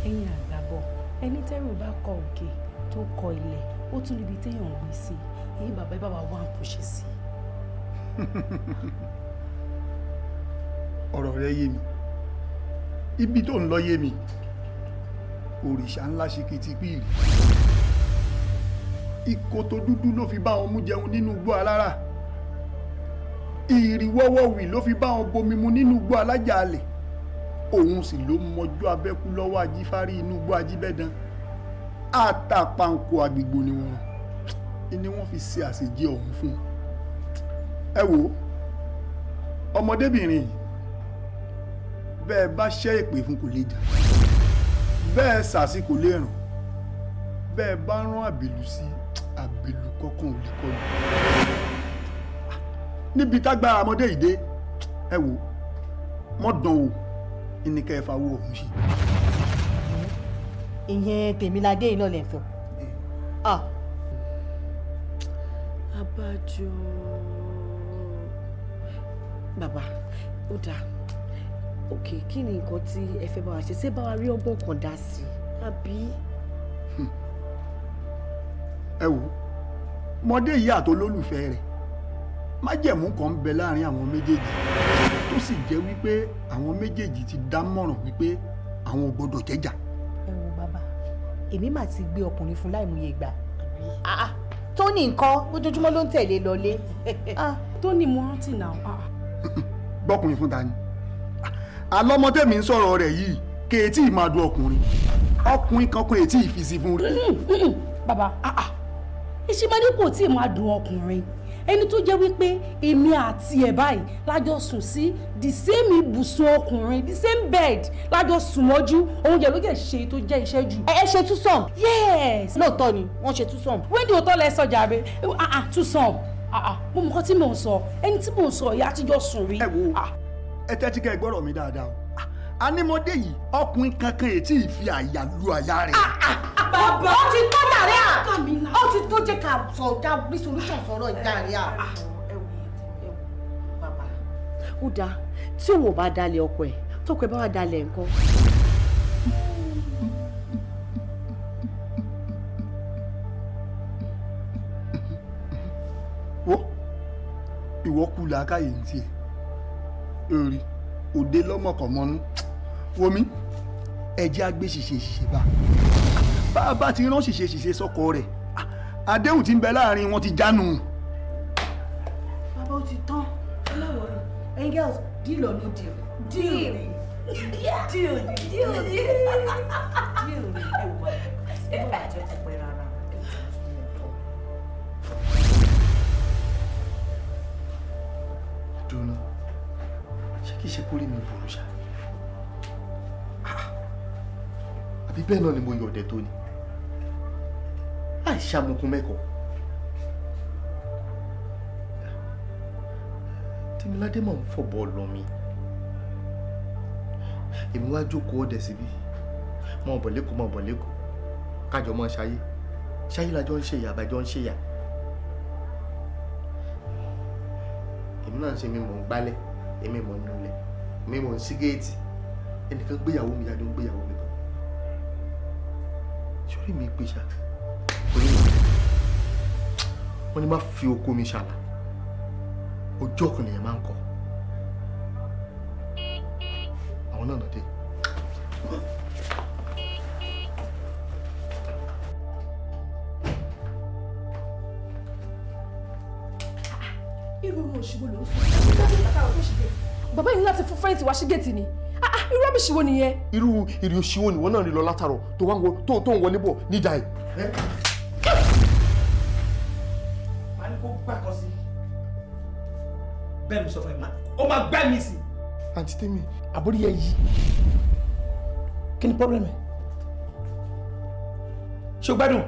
ẹ̀yin àgbàbọ̀ ẹni tẹ́rù bá kọ òkè tó kọ ilẹ̀ ó tún níbi téèyàn ń gbé sí èyí bàbá ẹ bá wa wá nǹkan ṣe sí. ọ̀rọ̀ rẹ yé mi ibi tó ń lọ yé mi òrìṣà ńlá ṣe kìtìpìrì ìkòtò dúdú ló fi bá wọn mú jẹun nínú igbó alára ìrìwọ́wọ́ wì ló fi bá wọn bomi mu nínú igbó alájà alẹ̀ òun sì ló mọjọ́ abẹ́kú lọ́wọ́ ajífárí inú igbó ajíbẹ́dán àtàpàǹkò àgbègbò ni wọn ni wọ́n fi ṣe àṣejẹ ọ̀hún fún un. ẹ wo ọmọdébìnrin yìí bẹ́ẹ̀ bá ṣẹ́ ìpè fún kò lè jà bẹ́ẹ̀ ṣàṣì kò lè ràn bẹ́ẹ̀ bá rán àbèlú sí àbèlú kọ́kàn ò lè kọlu. níbi tágbára ọmọdé yìí dé ẹ wo mọ́ dán o ní kẹ́ ẹ fa owó òun ṣe. ìyẹn tèmiládé iná lè sọ. Hmm. Ah. abájọ bàbá ó dáa òkè kí ni nǹkan tí ẹ fẹ́ bá wa ṣe ṣé bá wa rí ọgbọ́n kan dá sí i àbí. Hmm. ẹ wo mọdé yìí àtolólùfẹ́ rẹ̀ májẹ̀mú kan ń bẹ láàrin àwọn méjèèjì tó sì jẹ́ wípé àwọn méjèèjì ti dámọ̀ràn wípé àwọn ò gbọ́dọ̀ jẹ́jà. ẹ wo bàbá èmi mà ti gbé ọkùnrin fún láìmúye gbà tóní ah, ah, nǹkan ojoojúmọ́ ló ń tẹ̀lé lọlé ah, tóní mo rántí náà. gbọ́kùnrin fún ta ni alọ́mọdémi ń sọ̀rọ̀ rẹ̀ yìí kéétì máa du ọkùnrin ọkùnrin kankan ètí ìfisi fún rí. Mm, mm, mm. bàbá ìṣímọ́dé kò tí ì máa dùn ọkùnrin ẹni tó jẹ́ wípé èmi àti ẹ̀ báyìí lájọ sùn sí the same ibùsùn ọkùnrin the same bed lájọ sùn mọ́jú òun jẹ́ ló jẹ́ ṣe tó jẹ́ iṣẹ́ jù. ẹ ṣe túsàn. yes lóòótọ́ ni wọ́n ṣe túsàn. wíńdì òótọ́ lẹ sọ jàre túsàn ah, ah, mo mọ̀ kọ́ tí mò ń sọ ẹni tí mò ń sọ ìyá àtijọ́ sùn rí. ẹ wo ah. ẹ tẹ́tí kẹ́ ẹ gbọ́rọ̀ mi dáadáa o anímọ̀dé yìí ọkùnrin kankan ètí ìfi àyà lu àyà rẹ̀ bàbá ó ti tó jàre à ó ti tó jẹ́ ká sọ ọ̀dà bí solution sọ̀rọ̀ jàre à. Ah, ah, bàbá ó dáa tí òun ò bá dalẹ̀ ọkọ ẹ̀ tọkọ ẹ̀ bá wà dalẹ̀ nǹkan. wo ìwọ kú làákàyè ń tiẹ̀ èrè òde lọ́mọkànmọ́nú wọmi ẹ̀jẹ̀ agbésìsẹ́ ṣe bá bá a bá ti rán ṣìṣe ṣìṣe sọ́kọ rẹ̀ àdéhùn tí ń bẹ láàrin wọn ti jánu. bàbá ó ti tán ẹlẹ́wọ̀n rẹ̀ angels deal or no deal. deal deal deal deal ẹ̀wọ̀n ẹ̀wọ̀n àjọ ti pẹ́ rárá. dunu ṣé kìí ṣe kórè mi burú ṣá àbí bẹ́ẹ̀ náà ni mo yọ̀ ọ̀dẹ̀ tó ni àìṣàmùkùn mẹ́kọ̀ọ́. Tèmiládé máa ń fọ̀bọ̀ lọ mi. Èmi wá jókòó ọ̀dẹ̀ síbí. Máa bọ̀ lẹ́kọ̀ọ́ máa bọ̀ lẹ́kọ̀ọ́. Kájọ máa ṣayé. Ṣayé lájọ ń ṣe ìyá àbájọ ń ṣe ìyá. Èmi náà ń ṣe mi mò ń gbálẹ̀. Èmi mò ń nulẹ̀. Èmi mò ń ṣí géètì. Ẹnìkan gbéyàwó mi yá ló ń gbéyàwó mi bọ̀. Sórí mi gbé ṣáà wọ́n ní má fi oko mi ṣàlà ojú ọ̀kan lèèyàn máa ń kọ àwọn náà nàdé. irú ọmọ òṣìwò ló ń sọ bàbá yìí ní láti fún fẹ́ǹtì wá sí géètì ni ah, ah, irú rọ́bìṣì wo nìyẹn. irú ìrìn òṣìwò nìwọ náà rí lọ látàrọ tó wá ń wọ tó ń wọlé bọ̀ nídàá yìí. bẹ́ẹ̀ mi sọ fún ẹ ma ó máa gbá mi sí. àǹtí tèmi àbúrò yẹ yí kí ni pọ́blẹ́mù ẹ̀ ṣé o gbádùn.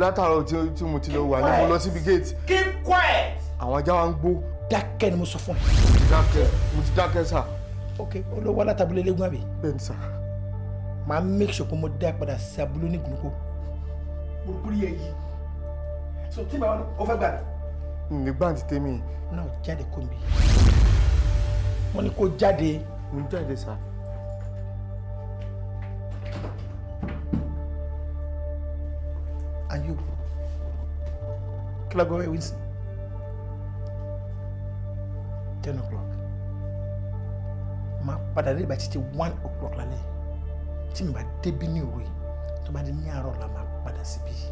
látàárọ̀ tí mo ti lọ wà ní mo lọ síbi gate. keep quiet. àwọn ajá wa ń gbó. dákẹ́ ni mo sọ fún ẹ. dákẹ́ mo ti dákẹ́ sà. ok olówó alátabulé eléégún àbí. bẹ́ẹ̀ ni sà. màá make sure pé mo dá padà sí abúlé onígunukó. mo kúrò yẹ yìí so tí bàbá o fẹ́ gbà mí. n lè gbà àǹtí tèmi. náà jáde kò mí mo ní kó jáde. mo ń jáde sá. ayo kí ẹ wíńsì ten o'clock máa padà dé ìgbà títí one o'clock lálẹ́ tí mi bá débi ní òwe tó bá dé ní àárọ̀ la máa padà síbí. Si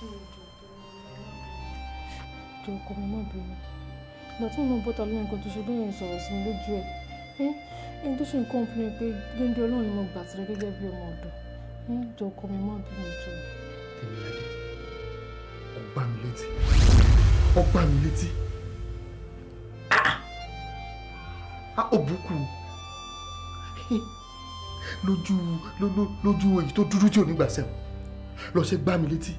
tí mo jọ tó jọ ọkọ mi má bínú ìgbà tí mo náà bọ́ta lóyún nǹkan tó ṣe bẹ́ẹ̀ yẹn sọ̀rọ̀ sí mi lójú ẹ̀ ẹni tó ṣe ń kọ́ńpìlín pé géńdé ọlọ́run ni mo gbà tirẹ̀ gẹ́gẹ́ bí ọmọ ọ̀dọ̀ jọ ọkọ mi má bínú jọ. tèmílẹ́dẹ́ ó gbá mi létí ó gbá mi létí á ah! ah, ó bùkù lójú lójú èyí tó dúdú tí ò ní gbà sẹ́wọ̀n lọ ṣe gbá mi létí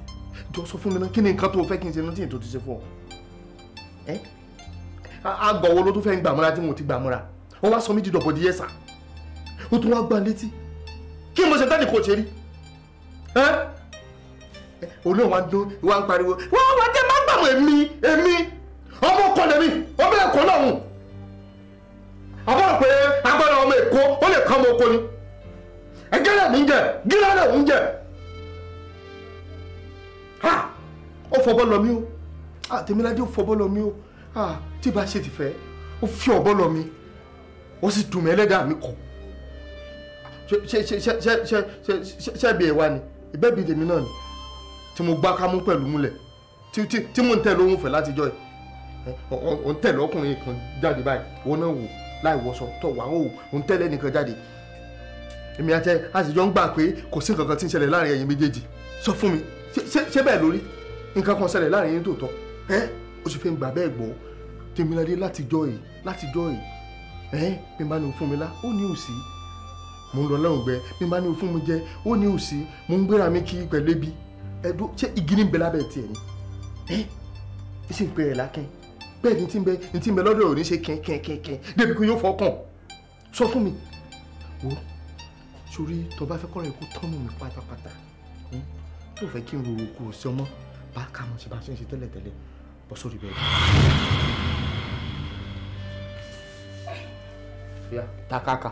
jọ sọ fún mi náà kí ni nǹkan tó o fẹ́ kí n ṣe náà tí ètò ti ṣe fún ọ ẹ àgọ̀ wo ló tún fẹ́ ń gbà múra tí mo ti gbà múra ó wá sọ mí di dọ̀bọ̀ di yẹ́sà ó tún wá gbá létí kí mo ṣe tẹ́lẹ̀ kò ṣe rí ẹ òun náà wá ń dún wá ń pariwo wọ́n wá jẹ́ má gbàmù èmi èmi ọmọ ọkọ lèmi ọmọ ẹ̀kọ́ lọ́hùn àbọ̀rọ̀ pé agbára ọmọ ẹ̀kọ́ ó lè kọ́ ọmọ ọkọ ni ẹgẹ́rẹ́ mi ń jẹ gírẹ́rẹ́ mi ń jẹ ha ó fọbọ́ lọ mí o ah Tèmiládé ó fọbọ́ lọ mí o ah tí bá ṣe ti fẹ́ ó fi ọ̀bọ lọ mí ó sì dùn mí ẹlẹ́dàá mi kọ̀ ṣe ṣe ṣe ṣe ṣe ṣe ṣe ṣe bí ẹ wá ni ìbẹ́bí tèmi náà ni tí mo gbá kámú pẹ̀lú múlẹ̀ tí tí tí mo ń tẹ̀ lóhùn fẹ̀ látijọ́ yìí ò ń tẹ̀lé ọkùnrin kan jáde báyìí wọn náà wò láì wọṣọ tó wà ó ò ń tẹ̀lé nìkan jáde èmi àti àtijọ́ ń gbà pé kò sí nǹkan kan tí ń ṣẹlẹ̀ láàrin ẹ̀yin méjèèjì sọ fún mi ṣé bẹ́ẹ̀ lórí nǹkan kan ṣẹlẹ̀ láàrin yín tòótọ́ ẹ o sì fi ń gbà bẹ́ẹ̀ gbọ́ tèmíládé látijọ́ yìí látijọ́ yìí ẹ bí n bá ní o fún mi lá ó ní òsì mo ń lọ lẹ́hùn gbẹ bí n bá ní o fún mi jẹ ó ní òsì mo ń gbéra mi kí pẹ̀lú ebi ẹdún ṣé igi ní ń bẹ lábẹ́ tiẹ̀ ni ẹ ẹ sì ń pè é lákẹ́ bẹ́ẹ̀ ni tí ń bẹ ni tí ń bẹ lọ́dọ̀ òní ṣe kẹ́kẹ́kẹ́kẹ́ débi kí yóò fọkàn tó fẹ́ kí n rorò kò sí ọmọ bá ká mo ṣe bá ṣe ń ṣe tẹ́lẹ̀tẹ́lẹ̀ bọ́ sórí bẹ́ẹ̀. ya takaka.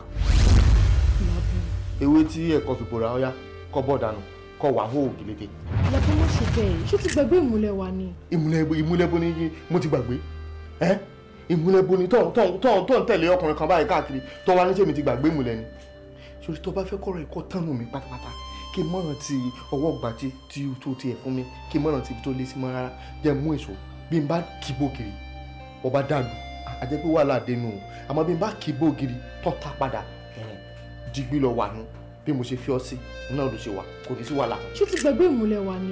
ewé tí ẹ̀kọ́ fi bòrà ọ̀yá kọ́ bọ̀ dànù kọ́ wà hó ògìlédè. ìyàtọ̀ má ṣe bẹ́ẹ̀ ṣó ti gbàgbé ìmúlẹ̀ wa ni. ìmúlẹ̀ ìmúlẹ̀ bo ni mo ti gbàgbé ẹ́ ìmúlẹ̀ bo ni tọ̀hún tọ̀hún tẹ̀lé ọkùnrin kan báyìí káàkiri tọ́wọ́ aníṣẹ́ mi ti gbàgbé ìmúlẹ̀ ni. sori tó bá fẹ́ kọ́rọ̀ ẹ̀kọ́ tán nù mí pátápátá kí n mọ̀ràn ti ọwọ́ ọgbà tí tí tó tiẹ̀ fún mi kí n mọ̀ràn ti ibi tó lé sí mọ́ rárá jẹ́ mú èso bí n bá kí bògiri ọba dànù àjẹ́ pé wàhálà dénú o àmọ́ bí n bá kí bògiri tọ́ta padà digbí lọ wà nù bí mo ṣe fi ọ sí náà ló ṣe wà kò ní sí wàhálà. ṣé ti gbàgbé ìmúlẹ̀ wa ni.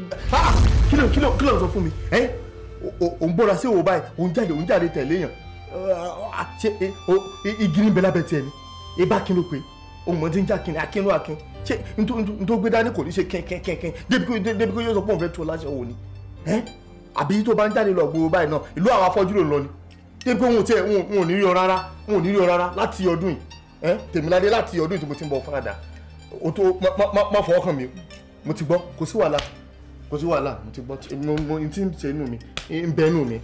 kí ló kí ló kí sọ fún mi ẹ òun bọ́ra sí òwò báyìí òun jáde jáde tẹ̀lé yàn ah, ṣe igi ní bẹ́lábẹ́ tiẹ̀ ni ibà kí ló pé òun mọ̀ ti ń jà kí ni akínú akin ṣé n tó gbé dání kò ní ṣe kẹ́kẹ́kẹ́kẹ́ débi kó yóò sọ pé òun fẹ́ tó láṣẹ òun ni àbí tó bá ń jáde lọ gbogbo báyìí náà ìlú àwọn afọ́jú ló ń lọ ni débi pé òun ò tiẹ̀ òun ò ní rí ọ rárá òun ò ní rí ọ rárá láti ọdún yìí tèmíládé láti ọdún yìí tí mo ti ń bọ fáradà o tó má fọwọ́ kàn mí mo ti gbọ́ kò sí wàhálà kò sí wàhálà mo ti gbọ́ mo ti ń ṣe inú mi ń bẹ inú mi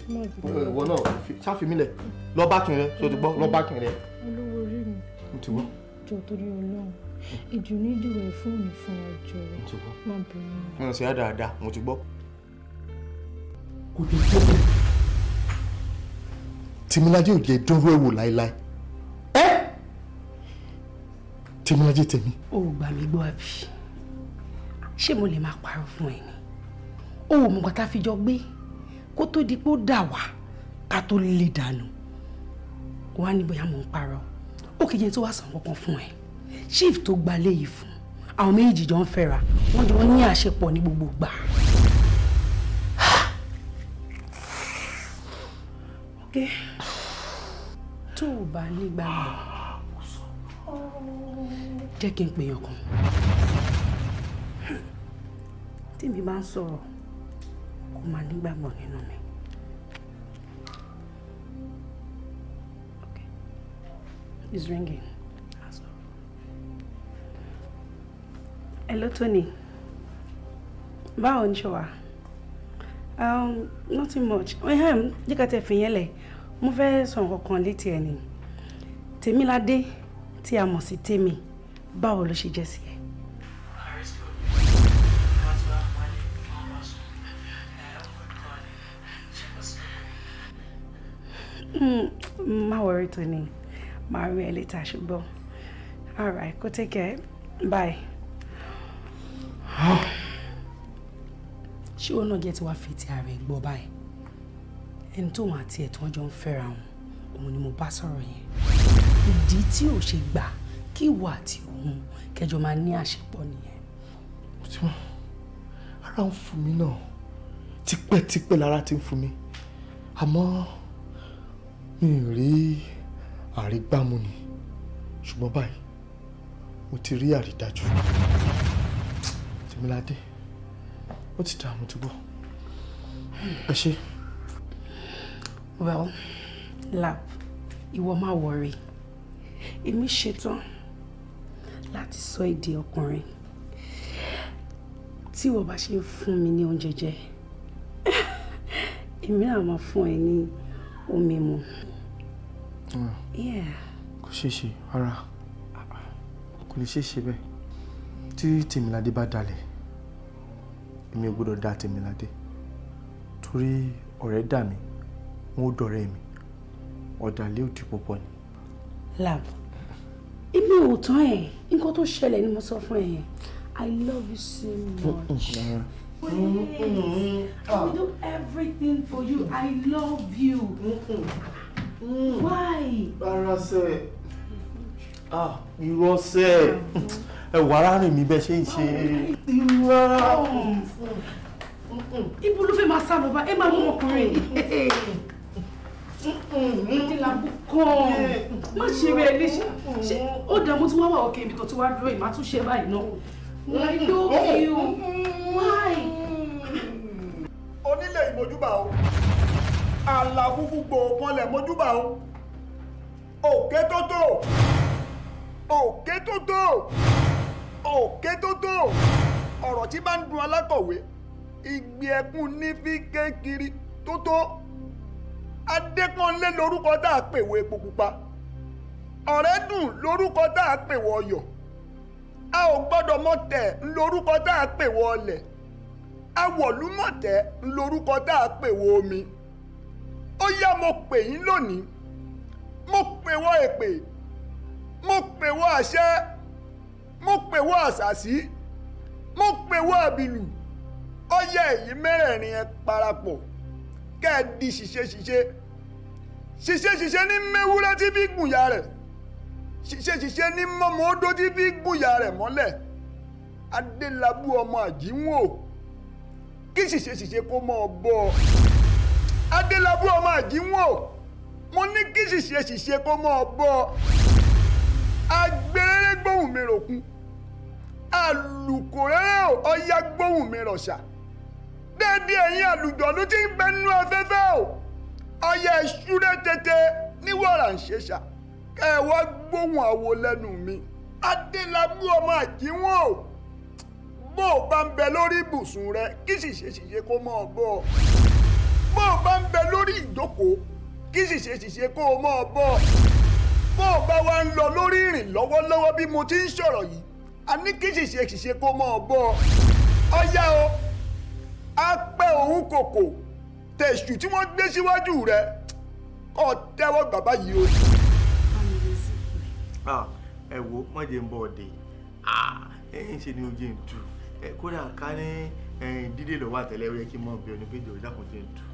ìwọ náà ṣàfimílẹ̀ lọ́ọ́ bá kìnrin ṣe o ti gbọ́ lọ́ọ́ bá kìnrin. olówó orí mi. mo ti gbọ́. jọ̀ọ́ torí Ọlọ́run ìjù nídìí rẹ̀ fóònù fún ọjọ́ rẹ̀ má bẹ̀rẹ̀ rẹ̀. mo ṣe á dáadáa mo ti gbọ́. kò tó tó bẹ́ẹ̀ tìmílájẹ ò jẹ́ dánwó ẹ̀wò láéláé ẹ́ tìmílájẹ tèmi. o ò gbà mí gbọ́ àbí ṣé mo lè máa parọ́ fún ẹ ni o ò mú nǹkan tá a fi jọ gbé kó tó di pé ó dà wá ká tó lè dànù wá ní bóyá mò ń parọ́ ó kì tó wá sàn kankan fún ẹ chief tó gbalé yìí fún àwọn méjì jọ ń fẹ́ra wọ́n jọ ní àṣepọ̀ ní gbogbo gbà. ok tó o bá nígbàgbọ́ jẹ́ kí n pèèyàn kan tèmi bá ń sọ̀rọ̀ kó máa nígbàgbọ́ nínú mi. Okay. It's ringing. Hello, Tony. Báwo ni ṣe wà? Um, nothing much. Ehem, jẹ́ ká tẹ fi yẹn lẹ̀. Mo fẹ́ sọ nǹkan kan létí ẹ ni. Tèmiládé tí a mọ̀ sí Tèmi, báwo ló ṣe jẹ́ sí ẹ? Hmm, má worry Tony, máa rí ẹ later ṣùgbọ́n. All right, go take care. Bye ṣé wọn náà jẹ́ ti wá fi ti ara ẹ̀ gbọ́ báyìí ẹni tóun àti ẹ̀ tí wọ́n jọ ń fẹ́ra wọn òun ni mo bá sọ̀rọ̀ yẹn ìdí tí ò ṣe gbà kí ìwọ àti òun kẹjọ máa ní àṣepọ̀ nìyẹn. ara ń fún mi náà tipẹ́tipẹ́ lára ti ń fún mi àmọ́ mi ò rí àrígbámu ni ṣùgbọ́n báyìí mo ti rí àrídájú. Tèmiládé ó ti dààmú ti gbọ́ ẹ ṣe. well lab ìwọ má wọrí èmi ṣetán láti sọ èdè ọkùnrin tí ìwọ bá ṣe ń fún mi ní oúnjẹ jẹ èmi náà máa fún ẹ ní omi mu. Ah, kò ṣeé ṣe rárá kò lè ṣeé ṣe bẹ́ẹ̀ tí tèmiládé bá dalẹ̀ èmi gbọ́dọ̀ dá tèmiládé torí ọ̀rẹ́ dà mí wọn ò dọ̀rẹ́ mi ọ̀dàlẹ̀ òdì púpọ̀ ni. lam èmi ò tán ẹ nǹkan tó ṣẹlẹ̀ ni mo sọ fún ẹ i love you so much. Wait, I will do everything for you. I love you. Why? Ara sẹ́ẹ̀. Ah, irọ́ sẹ́ẹ̀ ẹ̀wọ̀ ara rìn mí bẹ́ẹ̀ ṣe ń ṣe. ibo ló fẹ́ máa sá lọ bá ẹ máa mú ọkùnrin ìdílàbù kan má ṣe rẹ léṣe ṣe ó dààmú tí wọ́n wà òkè ibi kan tí wọ́n á dúró ìmá tún ṣe báyìí náà. I love you. Why? onílé ìmọ̀júbà o àlà fúfú gbòòkanlẹ̀ mọ́júbà o òkè tó tó òkè tó tó. òkè tó tó ọ̀rọ̀ tí bá ń dun alákọ̀wé ìgbì ẹ̀kún ní fi ké kiri tó tó adékọ́nlé lórúkọ tá a pè wọ epo pupa ọ̀rẹ́dùn lórúkọ tá a pè wọ ọyọ̀ a ò gbọ́dọ̀ mọ̀tẹ̀ tá a pè wọ ọlẹ̀ awọ̀lúmọ̀tẹ̀ ńlórúkọ tá a pè wọ omi ó yá mo pè yín lónìí mo pè wọ èpè mo pè wọ àṣẹ. mo pè wọ́ àṣàṣì mo pè wọ́ àbìlù ọyẹ èyí mẹ́rẹ̀ẹ̀rin ẹ parapọ̀ kẹ́ ẹ di ṣìṣe ṣìṣe ṣìṣe ṣìṣe ní mẹ́wúrẹ́ tí bí gbùyà rẹ̀ ṣìṣe ṣìṣe ní mọ́mọ́ odó tí bí gbùyà rẹ̀ mọ́lẹ̀ adélábù ọmọ àjíwò kí ṣìṣe ṣìṣe kó mọ́ ọ bọ́ ọ adélábù ọmọ àjíwò mo ní kí ṣìṣe ṣìṣe kó mọ́ ọ bọ́ ọ agbèrè gbóhùn mi ròkun alùkòrèrè ọ̀yà gbóhùn mi rọ̀ṣà déédéé ẹ̀yìn àlùjọ̀lú tí ń bẹ nínú afẹ́fẹ́ o ọ̀yà ìṣúré tètè ní wàrà ń ṣe ṣà gbóhùn àwo lẹ́nu mi adélábù ọmọ àjíwọ̀n o bó o bá ń bẹ lórí ibùsùn rẹ kí sì ṣe ṣìṣe kó mọ́ ọ bọ́ bó o bá ń bẹ lórí ìjókòó kí sì ṣe ṣìṣe kó o mọ́ ọ bọ́ bó o bá wa ń lọ lórí ìrìn lọ́wọ́lọ́wọ́ bí mo ti ń sọ̀rọ̀ yìí a ní kí ṣìṣe ṣìṣe kó mọ́ ọ bọ́ ọ. ọyá o á pẹ́ òun kòkò tẹ̀sù tí wọ́n gbé síwájú rẹ kọ́ tẹ́wọ́ bàbá yìí o. ẹ wo mọ̀jẹ̀ ń bọ̀ ọ̀dẹ̀ ẹ̀yìn ṣe ni ojú ń tu kódà ká ní dídè lọ́wọ́ àtẹ̀lẹ́wẹ́ kí n mọ̀ bí onípéjọ ìdákùnjẹ́ ń tu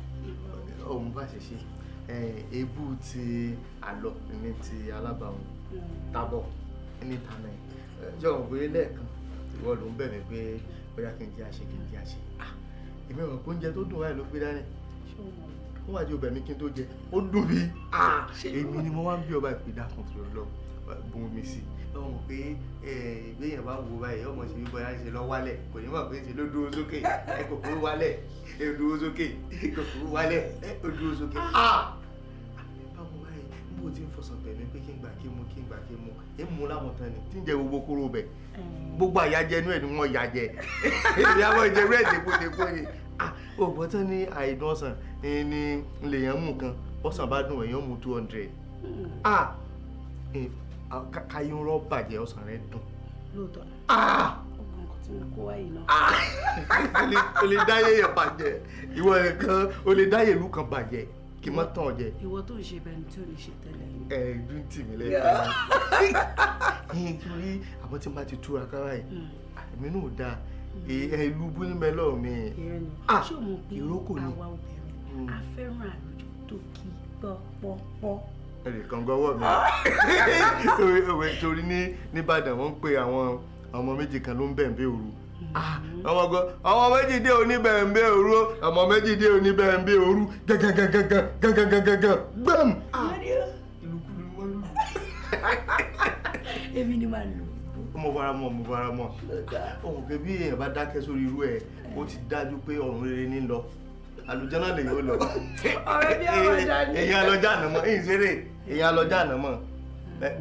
ọ̀hún bá ṣe ṣe èébú eh, ti àlọ́ ní ti alábàáwọ̀ hmm. tábọ̀ níta náà eh, jọ òun pé lẹ́ẹ̀kan ìwọ ló ń bẹ̀ mí pé bóyá kí n jẹ́ àṣẹ kí n jẹ́ àṣẹ ah, èmi rò pé oúnjẹ tó dùn wáyé ló gbé dání wọ́n wá di ọbẹ̀ mi kí n tó jẹ ó dùn mí ah, èmi ni mo wá ń bí ọba ìpìdá kan tó lọ bùn mi sí lọ́wọ́ pé ìgbéyàn eh, bá wo báyìí ọmọ ṣe bíbọ yára ṣe lọ wálẹ̀ kò ní mọ̀ pé ṣe ló dúró sókè kòkòrò wálẹ̀ kòkòrò wálẹ̀ ó dúró sókè bó ti ń fọsọ bẹ̀mí pé kí n gbà kí n mu kí n gbà kí n mu ẹ mú láwọn tán ni tí ń jẹ gbogbo kóró bẹ gbogbo àyájẹ inú ẹ ni wọn yà jẹ èmi àwọn ìjẹ rẹ dèpòdèpò ni ògbọ́n tán ní àìdùn ọ̀sán ni lèèyàn mú kan ọ̀sán bá dùn èèyàn mú two hundred ah hmm. ń rọ́ bàjẹ́ ọ̀sán rẹ dùn. ah ọkàn kan tí mo kó wáyé náà. o lè dáyé yẹn bàjẹ́ ìwọ nìkan o lè dáyé ìlú kan bàjẹ́ kí n má tàn jẹ. ìwọ tó ń ṣe bẹni tí ò ní ṣe tẹ́lẹ̀. ẹ ẹ dún tì mí lẹ́yìn. ẹyin torí àmọ́ tí n bá ti túra kára yìí hmm. àmì náà dáa hmm. ẹ ìlú búnímẹ́lọ́ mi. ṣé o mọ̀ pé àwa obìnrin hmm. a fẹ́ràn àròjọ tó kí pọ́pọ́pọ́ ẹnì kan gọwọ mi torí ní Ìbàdàn wọ́n ń pe àwọn ọmọ méjì kan ló ń bẹ̀ ń bẹ̀ òru Ah. ọmọ gan ọmọ méjì dé oníbẹ̀ẹ̀mbẹ̀ òru ọmọ méjì dé oníbẹ̀ẹ̀mbẹ̀ òru gángangangangangangangangangan gbẹ̀m. Ah. ìlúkulù wọn lù. èmi ni màá lù mo fara mọ́ mo fara mọ́ ohun pé bí èèyàn bá dákẹ́ sórí irú ẹ̀ ó ti dájú pé ọ̀run rere ní lọ àlùjànnà lè yóò lọ èèyàn lọ́jà ànàmọ́ èyí ṣeré èèyàn lọ́jà ànàmọ́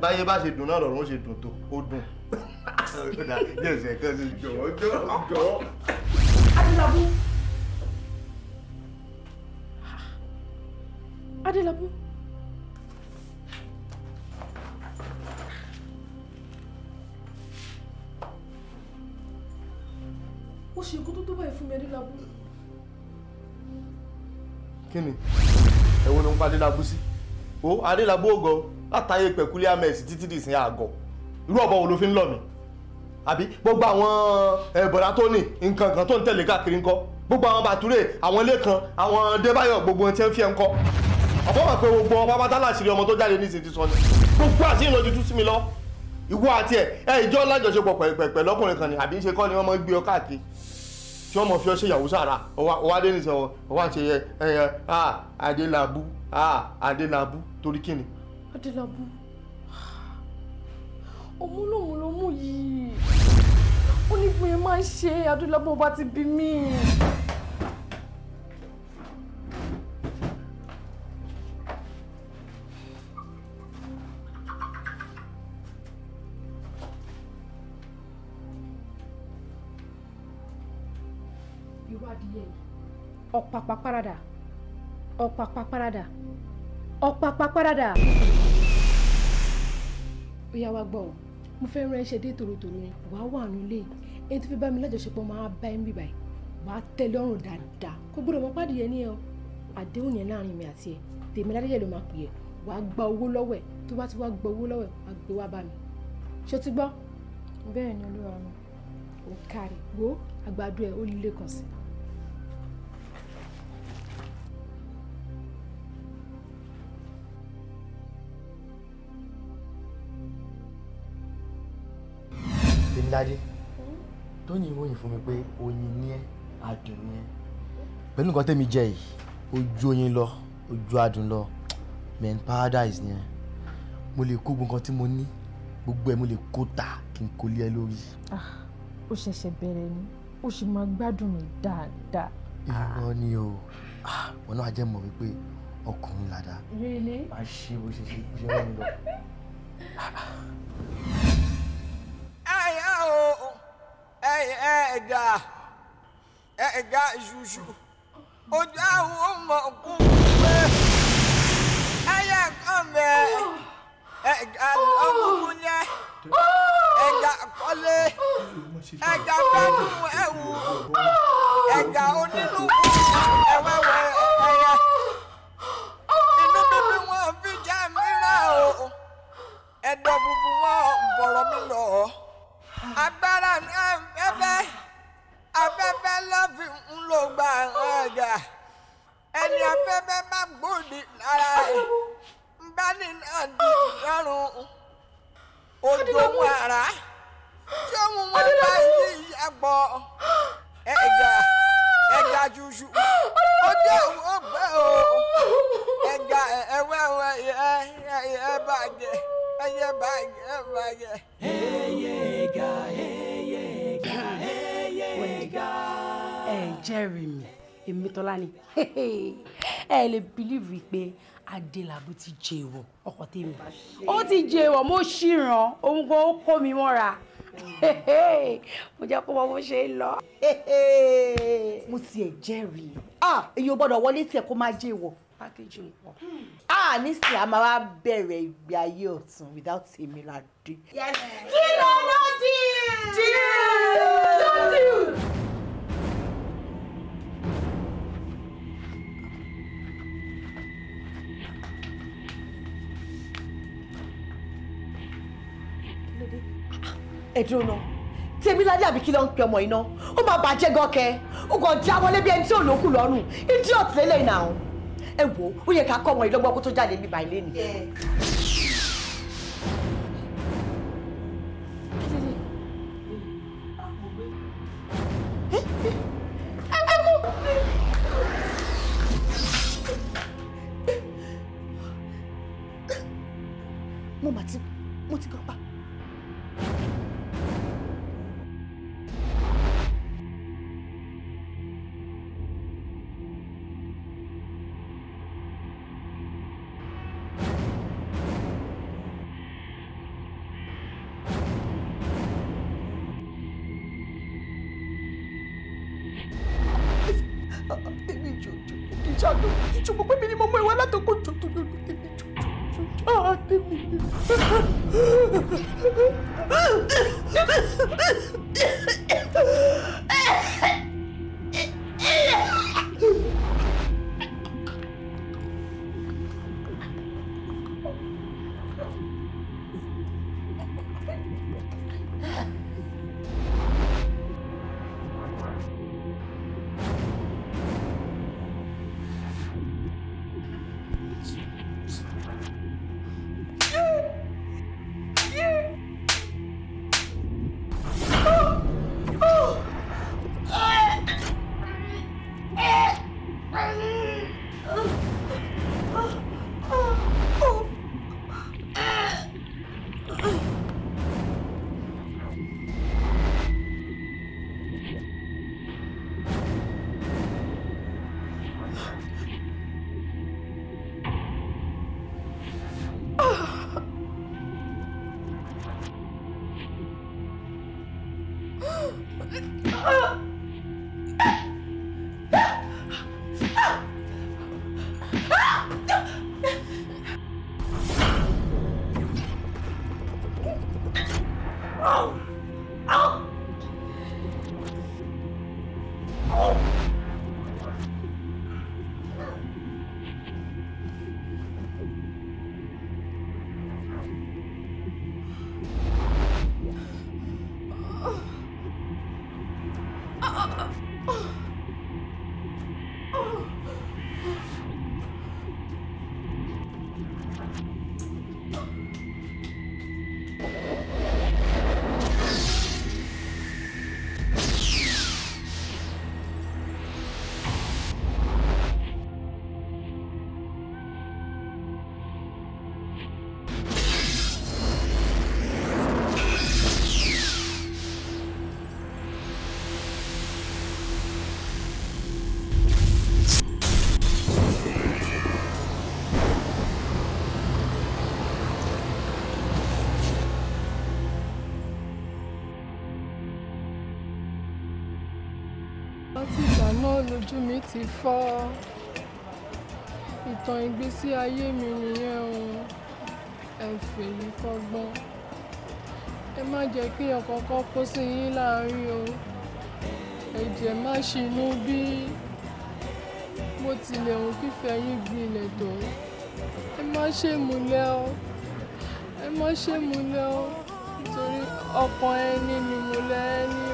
báyé bá ṣe dùn náà lọ́run ó ṣe dùn tó ó dùn ọ̀dà yóò ṣe kán sí jọ̀wọ́ jọ̀wọ́. Adélabú. Adélabú. ó ṣe ikú tó tó báyìí fún mi Adélabú. kí ni ẹ̀wọ̀n ló ń pa Adélabú sí? ó Adélabú ògo látàyè pẹ̀kúlé amẹ́sì títí dìsín àgọ́ irú ọ̀bọ wo ló fi ń lọ mi àbí gbogbo àwọn ẹ̀bọ̀dá eh, tó ní nǹkan kan tó ń tẹ̀lé káàkiri ńkọ́ gbogbo àwọn bàtúrè àwọn lẹ́kan àwọn débáyọ̀ gbogbo ohun tí ń fi ẹ̀ ńkọ́ ọ̀pọ̀ mọ̀ pé gbogbo ọmọ pátá láṣìírí ọmọ tó jáde ní ìsìn ti sọ ni gbogbo àṣírí lójú tú sí mi lọ ìwọ àti ẹ ẹ ìjọ lájọṣepọ̀ pẹ̀pẹ̀pẹ̀ lọ́kùnrin kan ni àbí ṣe kọ́ ni wọ́n mọ̀ gbé ọ káàkiri tí wọ́n mọ̀ fi ọ ṣe ìyàwó sára ọwọ́ adé nìṣẹ́ wọn ọwọ́ àti ẹyẹ ẹyẹ adélábù ah, adélábù torí kíni. adélábù òmú lòun ló mú yìí ó ní bí mo máa ń ṣe adúlábọ̀ bá ti bí mí. ìwádìí ẹ̀ ọ̀pàpà parada ọ̀pàpà parada ọ̀pàpà parada. ó yá wá gbọ́ ọ mo fẹ́ rán ẹṣẹ̀ dé tòrótòró yẹn wàá wà nù lé ẹni tó fi bá mi lájọṣepọ̀ máa bá ẹ̀mí báyìí wàá tẹ̀lé ọ̀rùn dáadáa kó gbọ́dọ̀ mọ́ pàdé yẹn ní ẹ o àdéhùn yẹn láàrin mi àti ẹ tèmi ládéjẹ ló máa pè ẹ wàá gba owó lọ́wọ́ ẹ tó bá ti wá gba owó lọ́wọ́ ẹ wàá gbé wá bá mi ṣé o ti gbọ́. bẹ́ẹ̀ ni olúwa mi ò kárí wo àgbàdo ẹ ó lè kàn sí i. Ládé tó ní ìròyìn fún mi pé oyin ní ẹ adùn ní ẹ pẹ̀lú nǹkan tẹ́mi jẹ yìí ojú oyin lọ ojú adùn lọ men paradise ni ẹ mo lè kó gbogbo nǹkan tí mo ní gbogbo ẹ mo lè kó tà kí n kó lé ẹ lórí. Ah, ó ṣẹ̀ṣẹ̀ bẹ̀rẹ̀ ni ó sì máa gbádùn mi dáadáa. irọ́ ni o ah, wọn náà jẹ́ mọ̀ wípé ọkùnrin làdá. rẹ́lẹ̀. a ṣe bó ṣe ṣe jẹ́ wọn lọ. ɛyɛ o ɛyɛ ɛga ɛga zuzu ojú àwọn mọ̀kú pé ɛyɛ kọ́mẹ ɛga lọ́kùnrin yẹ ɛga kọ́lé ɛga kánú ẹ̀wù ɛga onílùkù ẹ̀wẹ̀wẹ̀ ẹ̀yẹ inú bíbí wọn fi jẹ́ mìíràn o ẹ̀dọ̀ búbu agbára mi afẹ́fẹ́ afẹ́fẹ́ lọ́fi ń lò gba ọ̀gá ẹni afẹ́fẹ́ bá gbòdì lára ẹ̀ ń bá nínú àdì lọ́rùn odò wọn àrá tí òun wọn bá yí ìyàgbọ́ ẹ̀gà ẹ̀gà jùjù ó jẹ́ òun ó gbẹ́ o ẹ̀gà ẹ̀wẹ̀wẹ̀ ẹ̀ ẹ̀ bàjẹ́ ẹ̀yẹ bàjẹ́ bàjẹ́ ẹ jẹ́rìí mi èmi tọ́lá ni ẹ lè bílíìfù pé adélábù ti jẹ èèwọ̀ ọkọ tèmi ó ti jẹ èèwọ̀ mo ṣìràn òun kan kó mi mọ́ra mo jẹ́ kó mọ bó ṣe ń lọ. mo tiẹ̀ jẹ́rìí ah, èyí ò gbọ́dọ̀ wọlé tiẹ̀ kó má jẹ́ èèwọ̀ packaging pọ̀. Hmm. a nísìnyí a máa wá bẹ̀rẹ̀ ìgbé ayé ọ̀tún without Tèmiládé. kí ló ló dì í. ẹ̀dùn náà Tèmiládé àbí kí ló ń pe ọmọ iná ó máa bàjẹ́ gọ́kẹ́ ó kàn já wọlé bí ẹni tí ò lókù lọ́rùn idiot lélẹ́yìn náà ẹ wò ó yẹ ká kọ́ ọmọ yìí lọ́gbọ́n kó tó jáde bíbá ilé nìyẹn. ojú mi ti fọ́ ìtàn ìgbésí ayé mi nìyẹn o ẹ fèyí kọ́gbọ́n ẹ má jẹ́ kí ọ̀kọ̀ọ̀kan kó sí yín láàárín o ẹ̀jẹ̀ má ṣinú bí mo tilẹ̀ hùn fífẹ́ yín gbilẹ̀ tó ẹ má ṣe múlẹ̀ o ẹ má ṣe múlẹ̀ o nítorí ọkàn ẹni ni múlẹ̀ ẹni.